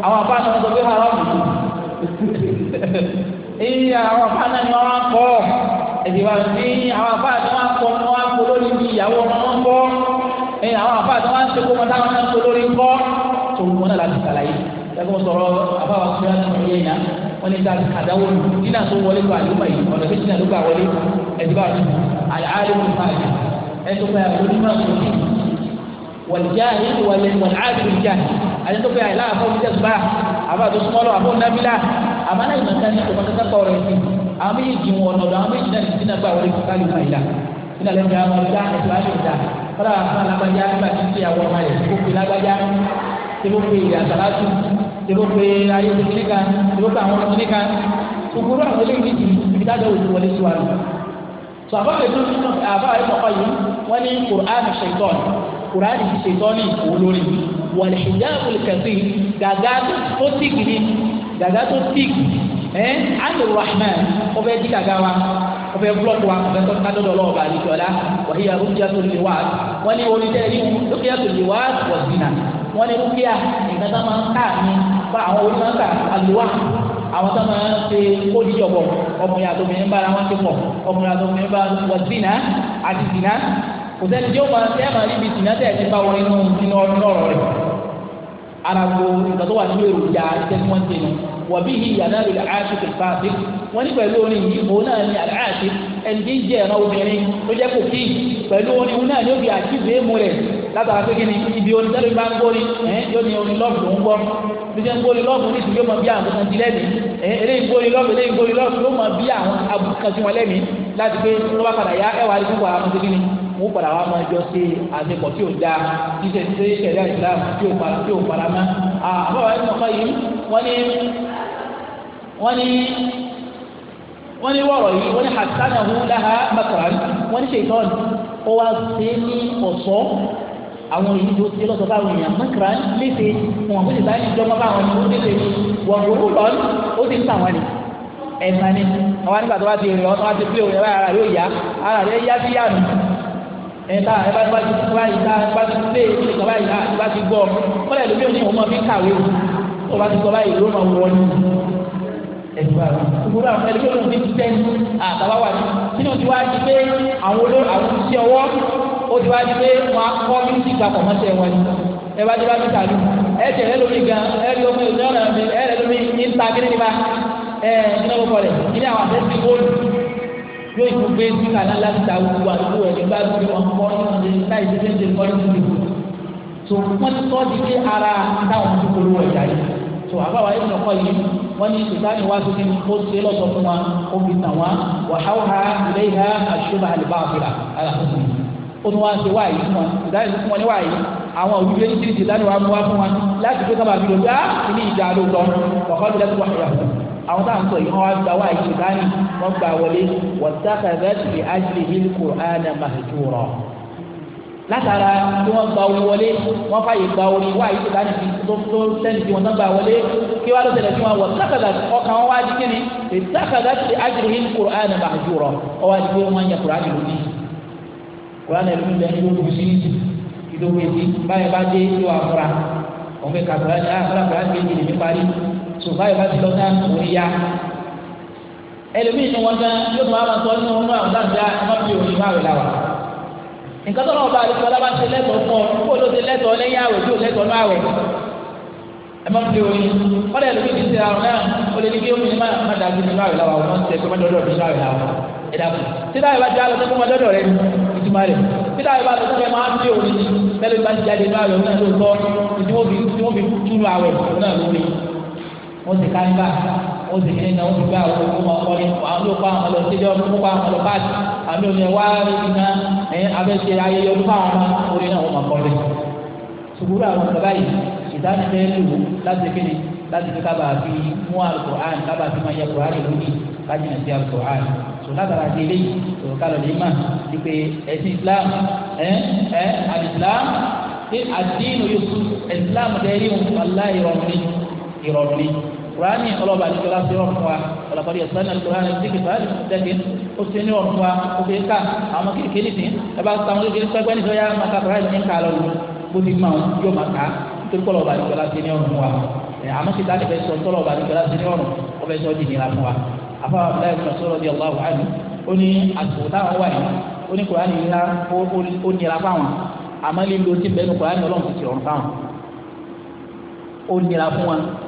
àfa náà sọ pé haram èyí àwọn àfa náà ni wọ́n á kọ́ ẹ̀sì wa ní àwọn àfa ni wọ́n á kọ́ ni wọ́n lórí bí ìyàwó wọn kọ́ ẹ àwọn àfa ni wọn táwọn náà kọ́ ẹgbẹ́ sọ̀rọ̀ àbáwá sọ́yà tó ń yé yá wọ́n ní dáa àdáwó lu dínà tó wọlé lu àlùmọ̀ yìí ọ̀nà tó dínà ló gbà wọlé ẹ̀dínwá lu àlùmọ̀ yìí ẹ̀dínwó fẹ́ onímọ̀ òní wàlìjáàrí wàlìjáàrí wàlìjáàrí àyẹ̀tọ́ fẹ́ àyẹ̀lá àfọ̀ ní tẹ̀síbá àbá tó súnmọ́ lọ àbọ̀ nábìlà àmọ́ náà ìmọ̀ta ní tòmọ́ tẹ́tẹ́ kọ́ rẹ̀ sí àwọn méjì jù wọn lọ́dọ̀ àwọn méjì náà ti dínàgbà wọlé fún kálí fàyà nínú àlẹ́ ìgbà wọn ìgbà tẹ̀wọ́ pé ayé ti kíní kan tẹ̀wọ́ pé àwọn kíní kan gbogbo náà wọlé yìí ti ibi tá a dẹ̀wò ti wọlé sí wa lọ. sọ àbáwọ̀ ètò nínú àbáwọ̀ ètò ọkọ yìí wọ́n ní kùránì ṣètọ́n kùránì ti ṣètọ́nì olórí wọlé hijabu kẹfì gàgà tó tíìkì ni gàgà tó tíìkì ẹ ánì rahman ọbẹ̀ dí gàgà wa ọbẹ̀ búlọ̀kù wa ọbẹ̀ tó kádọ́ dọ̀lọ́ ọba àdìjọ́lá wàhí arúgbó tó lè wá wọ́n ní orí tẹ́lẹ̀ yìí lókè tó lè àfa àwọn onímọ̀ọ́ta àlùwà àwọn tó máa ń ṣe kóòdì jọ̀bọ̀ ọkùnrin àti obìnrin bára wọn ti pọ̀ ọkùnrin àti obìnrin bára wọn ti zina àti zina kò sẹ́ni tí ó máa ṣe é máa níbi zina tẹ̀ ẹ́ ti bá wọn inú inú ọ̀rọ̀ rẹ̀ arago nǹkan tó wà nínú èròjà iṣẹ́ tí wọ́n nù wọ̀bí yìí yàrá rẹ̀ àṣìkò ìfàṣẹ wọ́n ní pẹ̀lú orin yìí òun náà ní àṣìkò ẹni tí ń jẹ ẹ̀rọ obìnrin tó jẹ́ kò kí pẹ̀lú orin òun náà yóò fi àtìwé mu rẹ̀ látara pé kí ni ibi orin tẹ́lẹ̀ bá ń gbórí ẹ̀ yóò ní orin lọ́ọ̀bù ló ń gbọ́ bí ṣe ń gbórí lọ́ọ̀bù ní ìsìn yóò mọ bí àwọn kan ti lẹ́mìí ẹ̀ eléyìí gbórí lọ́ọ̀bù eléyìí gbórí lọ́ọ̀bù yóò mọ bí àwọn abùkàn tí wọ́n lẹ́mìí láti pé tó bá padà yá ẹwà rí púpọ̀ àwọn ṣẹ́gi ni wọ́n padà wá máa jọ ṣe àṣepọ̀ tí ò da ṣíṣe ṣe ṣẹ̀ríà Islam tí ò para tí ò para mọ́ àbáwá ẹ̀ wọ́n ní wọ́ọ̀rọ̀ yìí wọ́n ní hasanahu laha makaran wọ́n ní ṣètọ́n ó wá ṣe ní ọ̀ṣọ́ àwọn èyí tó ṣe lọ́sọ̀ fáwọn èèyàn makaran léṣe wọn kò sì bá ní ìjọba fáwọn ní ó léṣe wọn kò ó lọ ó ti ń tà wọn ni ẹ̀sán ni àwọn nígbà tó bá ti rìn ọ́n ti pé òun ẹ̀rọ ara yóò yá ara rẹ̀ yá sí yá mi ẹ̀ta ẹ̀ bá ti bá ti bá ti bá ti pé ìjọba bá ti bá bá ti gbọ́ ẹgbẹ́ àwọn ìmúra àwọn ẹgbẹ́ olóhùn ti tẹ́ àtàwọn wà ní sínú ti wá di pé àwọn olóhùn àwọn ti ọwọ́ ó ti wá di pé wọn akọ́ mílíọ̀tì gbàpọ̀ mọ́tẹ́ wọn ni ẹ bá dé bá mi tàlú ẹ tẹ̀ ẹ lómi gan ẹ lé omi ìjọ náà mi ẹ lé lómi ní ta kí ni ba ẹ iná ló kọlẹ̀ ilé àwọn àti ẹsẹ̀ góòlù yóò tún gbé sí kàná láti ta gbogbo àdúgbò ẹ̀ nígbà tó wọn kọ́ tó àbáwá yìí lọkọ yìí wọn ní sùtáàní wá sókè ní ó ṣe lọsọ fún wa ó fi tàn wá wàháwá ilé ìhà àṣùbà àlùbá àbúrà alákòóso ó ní wọn ṣe wá yìí fún wọn sùtáàní fún wọn ní wá yìí àwọn òbí bíi ti sùtáàní wá mú wá fún wa láti fi sábà fi lò bá ilé ìjà ló lọ kọkọ bí lẹsùn wà yà fún àwọn táwọn sọ yìí wọn wá gba wá yìí sùtáàní wọn gbà wọlé wọ látara tí wọ́n gba owó wọlé wọ́n fàyè gba orí wá yìí tó bá nìfi tó tó sẹ́ni tí wọ́n tán gba wọlé kí wọ́n á lọ sẹ̀lẹ̀ tí wọ́n wọ̀ sákàdà ọkàn wọn wá di kíni ìsákàdà ti àjùrò yìí kúrò àyànnà bá àjùrọ̀ ọwọ́ àti pé wọ́n yẹ kúrò àjùrò ní. kúrò àná ìlú ilẹ̀ yóò lù sí ìdókòwò èsì báyìí bá dé yóò àmúra òun kà kúrò àjùrò àkúrà kúrò àjùrò ẹlòmíì ni wọn gan yóò máa ma tọ́ nínú ọmọ àwọn dáadáa wọn fi òní máa wẹ̀ láwàá nǹkan tó lọ́wọ́ bá àlùkò ọlá bá ṣe lẹ́tọ̀ọ́ fún ọ kó ló ṣe lẹ́tọ̀ọ́ lẹ́yìn àwẹ̀ tí ò lẹ́tọ̀ọ́ náà àwẹ̀ ẹ má fi oyin kọ́lẹ̀ ló fi ti àwọn náà ó lè ní kí omi má má dàgbé nínú àwẹ̀ làwọn ọmọ ti ẹgbẹ́ mọ́tò ọdún nínú àwẹ̀ làwọn ẹ dàgbé títà ìbá jẹ́ àlọ́ tó mọ́tò rẹ rẹ títà ìbá lọ tó fẹ́ bá ti jáde nínú àwẹ̀ wọ́n ti kánibà wọ́n ti kíni náà wọ́n ti gbé àwọn olùkọ́ máa kọ́ ni àwọn yóò kọ́ àwọn lọ sílé ọdún kó kọ́ àwọn lọ báàgì àmì òní ẹ̀wá níbi náà ẹ̀yìn abẹ́sẹ̀ ayẹyẹ ọdún fún àwọn ọmọ orí náà wọ́n máa kọ́ ni. sùgbúrú àwọn ọ̀gá yìí ìdáni fẹ́ lò láti kíni láti fi kábà fi mú alukur'an kábà fi máa yẹ kur'an lónìí kájìnà sí alukur'an sọlágbára di eléyìí sọ̀rọ̀ kálọ̀ lè má ipe ẹ̀sìn Islam ẹ̀ ẹ̀ alìsílám ṣé àdínú yóò fún Islam dẹ́rì wọn wàlá ìrọ̀rùn ni ìrọ̀rùn ni kurani ọlọ́ba àti ìjọba fi rọrùn wa ọlọ́kọ̀dé ẹ̀sán náà kurani ti kìí fàájì tẹ́kì ó ti ní ọ̀rùn wa ó fi ká àwọn kékeré nìsín ẹ bá sọ àwọn kékeré pẹ́pẹ́ nìsín ọ̀yá máa ka kurani ní ká lọ́wọ́ bó ti máa yóò máa ká nítorí kọ́lọ́ba àti ìjọba ti ní ọ̀rùn wa àmọ́ ti dá nífẹ̀ẹ́ sọ tọ́lọ́ba àti ìjọba ti ní ọ̀rùn ó fẹ́ sọ di nira fún wa afáwọn abdullahi bin sọlọ di ọlọ́wọ́ àná ó ní àsìkò táwọn wà ní ó ní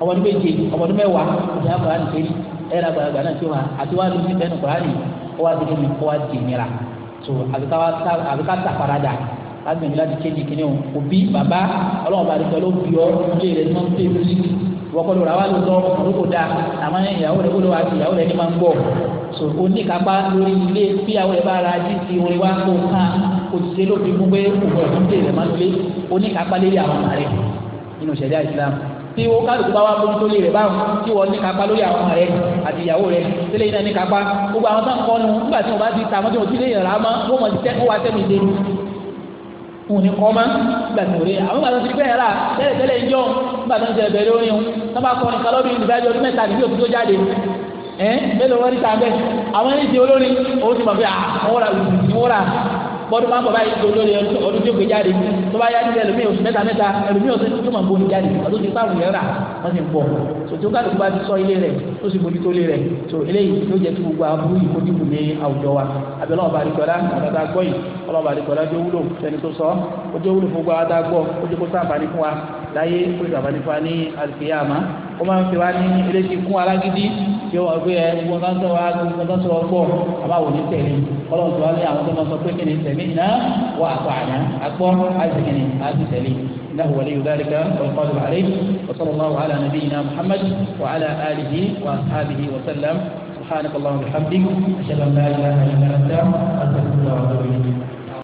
ọmọdún méje ọmọdún mẹ́wàá ní àgbàrá nìkẹ́ rí ẹ̀rọ àgbàlagbà náà tí ó wà àti wàá lùsí bẹ́ẹ̀ nìkọ́ láàyè ó wá dé níbi ó wá dé nira so àbíká tàfaradà lágbèmí láti kéjì kíní o òbí bàbá ọlọ́run bá dìgbà ló bí ọ ilé rẹ ní wọ́n ń pè mílíkì wọ́kọ́ lóra wá ló lọ ọ̀rọ̀ kò dáa àmọ́ ìyàwó rẹ kóló wá sí ìyàwó rẹ ní máa ń o so oníkápá lórí ilé bí ìyàwó rẹ bá ra jíjí orin wá kó kán òṣìṣe ló fi mú pé òun ọ̀dún tèrè máa ń lé oníkápá lérí tí ó kálukú bá wá bójú tó lè rẹ̀ báwọn tí wọ́n ní kápá lórí àwọn rẹ̀ àti ìyàwó rẹ̀ tẹ́lẹ̀ iná ní kápá gbogbo àwọn sáà ń kọ́ nu nígbà tí wọ́n bá ti ta àwọn tí wọ́n ti lè yàrá mọ́ wọ́n mọ̀ títẹ́ ó wá tẹ́mi dé wọn ní kọ́ mọ́ nígbà tí wọ́n rẹ̀ àwọn ìgbà ti pẹ́ yàrá tẹ́lẹ̀ tẹ́lẹ̀ ń jọ nígbà tó ń jẹ bẹ̀rẹ̀ orin ẹ mélòó wọn rí ta bẹ́ẹ̀ àwọn ẹni tí olórin òun ti mọ̀ pé àwọn ah, wọ́n ra bọ́dún bá ń bọ̀ báyìí tó lórí ọdún tó gbé jáde tó bá yá ní ẹlòmíì oṣù mẹ́ta mẹ́ta ẹlòmíì ọ̀sẹ̀ tó máa ń bọ̀ ní jáde ọdún ti pààrọ̀ yẹn rà wọ́n sì ń bọ̀ tó tó kálukú bá ti sọ ilé rẹ̀ tó sì bójú tó lé rẹ̀ tó eléyìí ló jẹ́ kí gbogbo aburú yìí kó dínkù ní àwùjọ wa abẹ́lẹ́ ọba àdìgbọ́lá àtàtà gbọ́ yìí ọlọ́ba àdìgbọ́lá tó wúlò sẹ́ni tó sọ ó jẹ́ wúlò fún gbogbo àtàgbọ́ ó jẹ́ kó sáǹfààní fún wa láyé kó sáǹfààní fún ó máa ń fi wá ní eléyìí kún alágídí yọ wá gbé ẹ wọn kan sọ wá wọn kan sọ wá gbọ́ àbá wò ní tẹ̀lé ọlọ́run tó wá lé àwọn tó máa sọ pé kí ni tẹ̀lé yoo wa wà àtọ̀ àná àgbọ̀ àti kí ni àti tẹ̀lé ana agbo ati ki ni ti tele انه ولي ذلك والقادر عليه وصلى الله على نبينا محمد وعلى آله وأصحابه وسلم سبحانك اللهم وبحمدك أشهد أن لا إله إلا أنت أستغفرك وأتوب إليك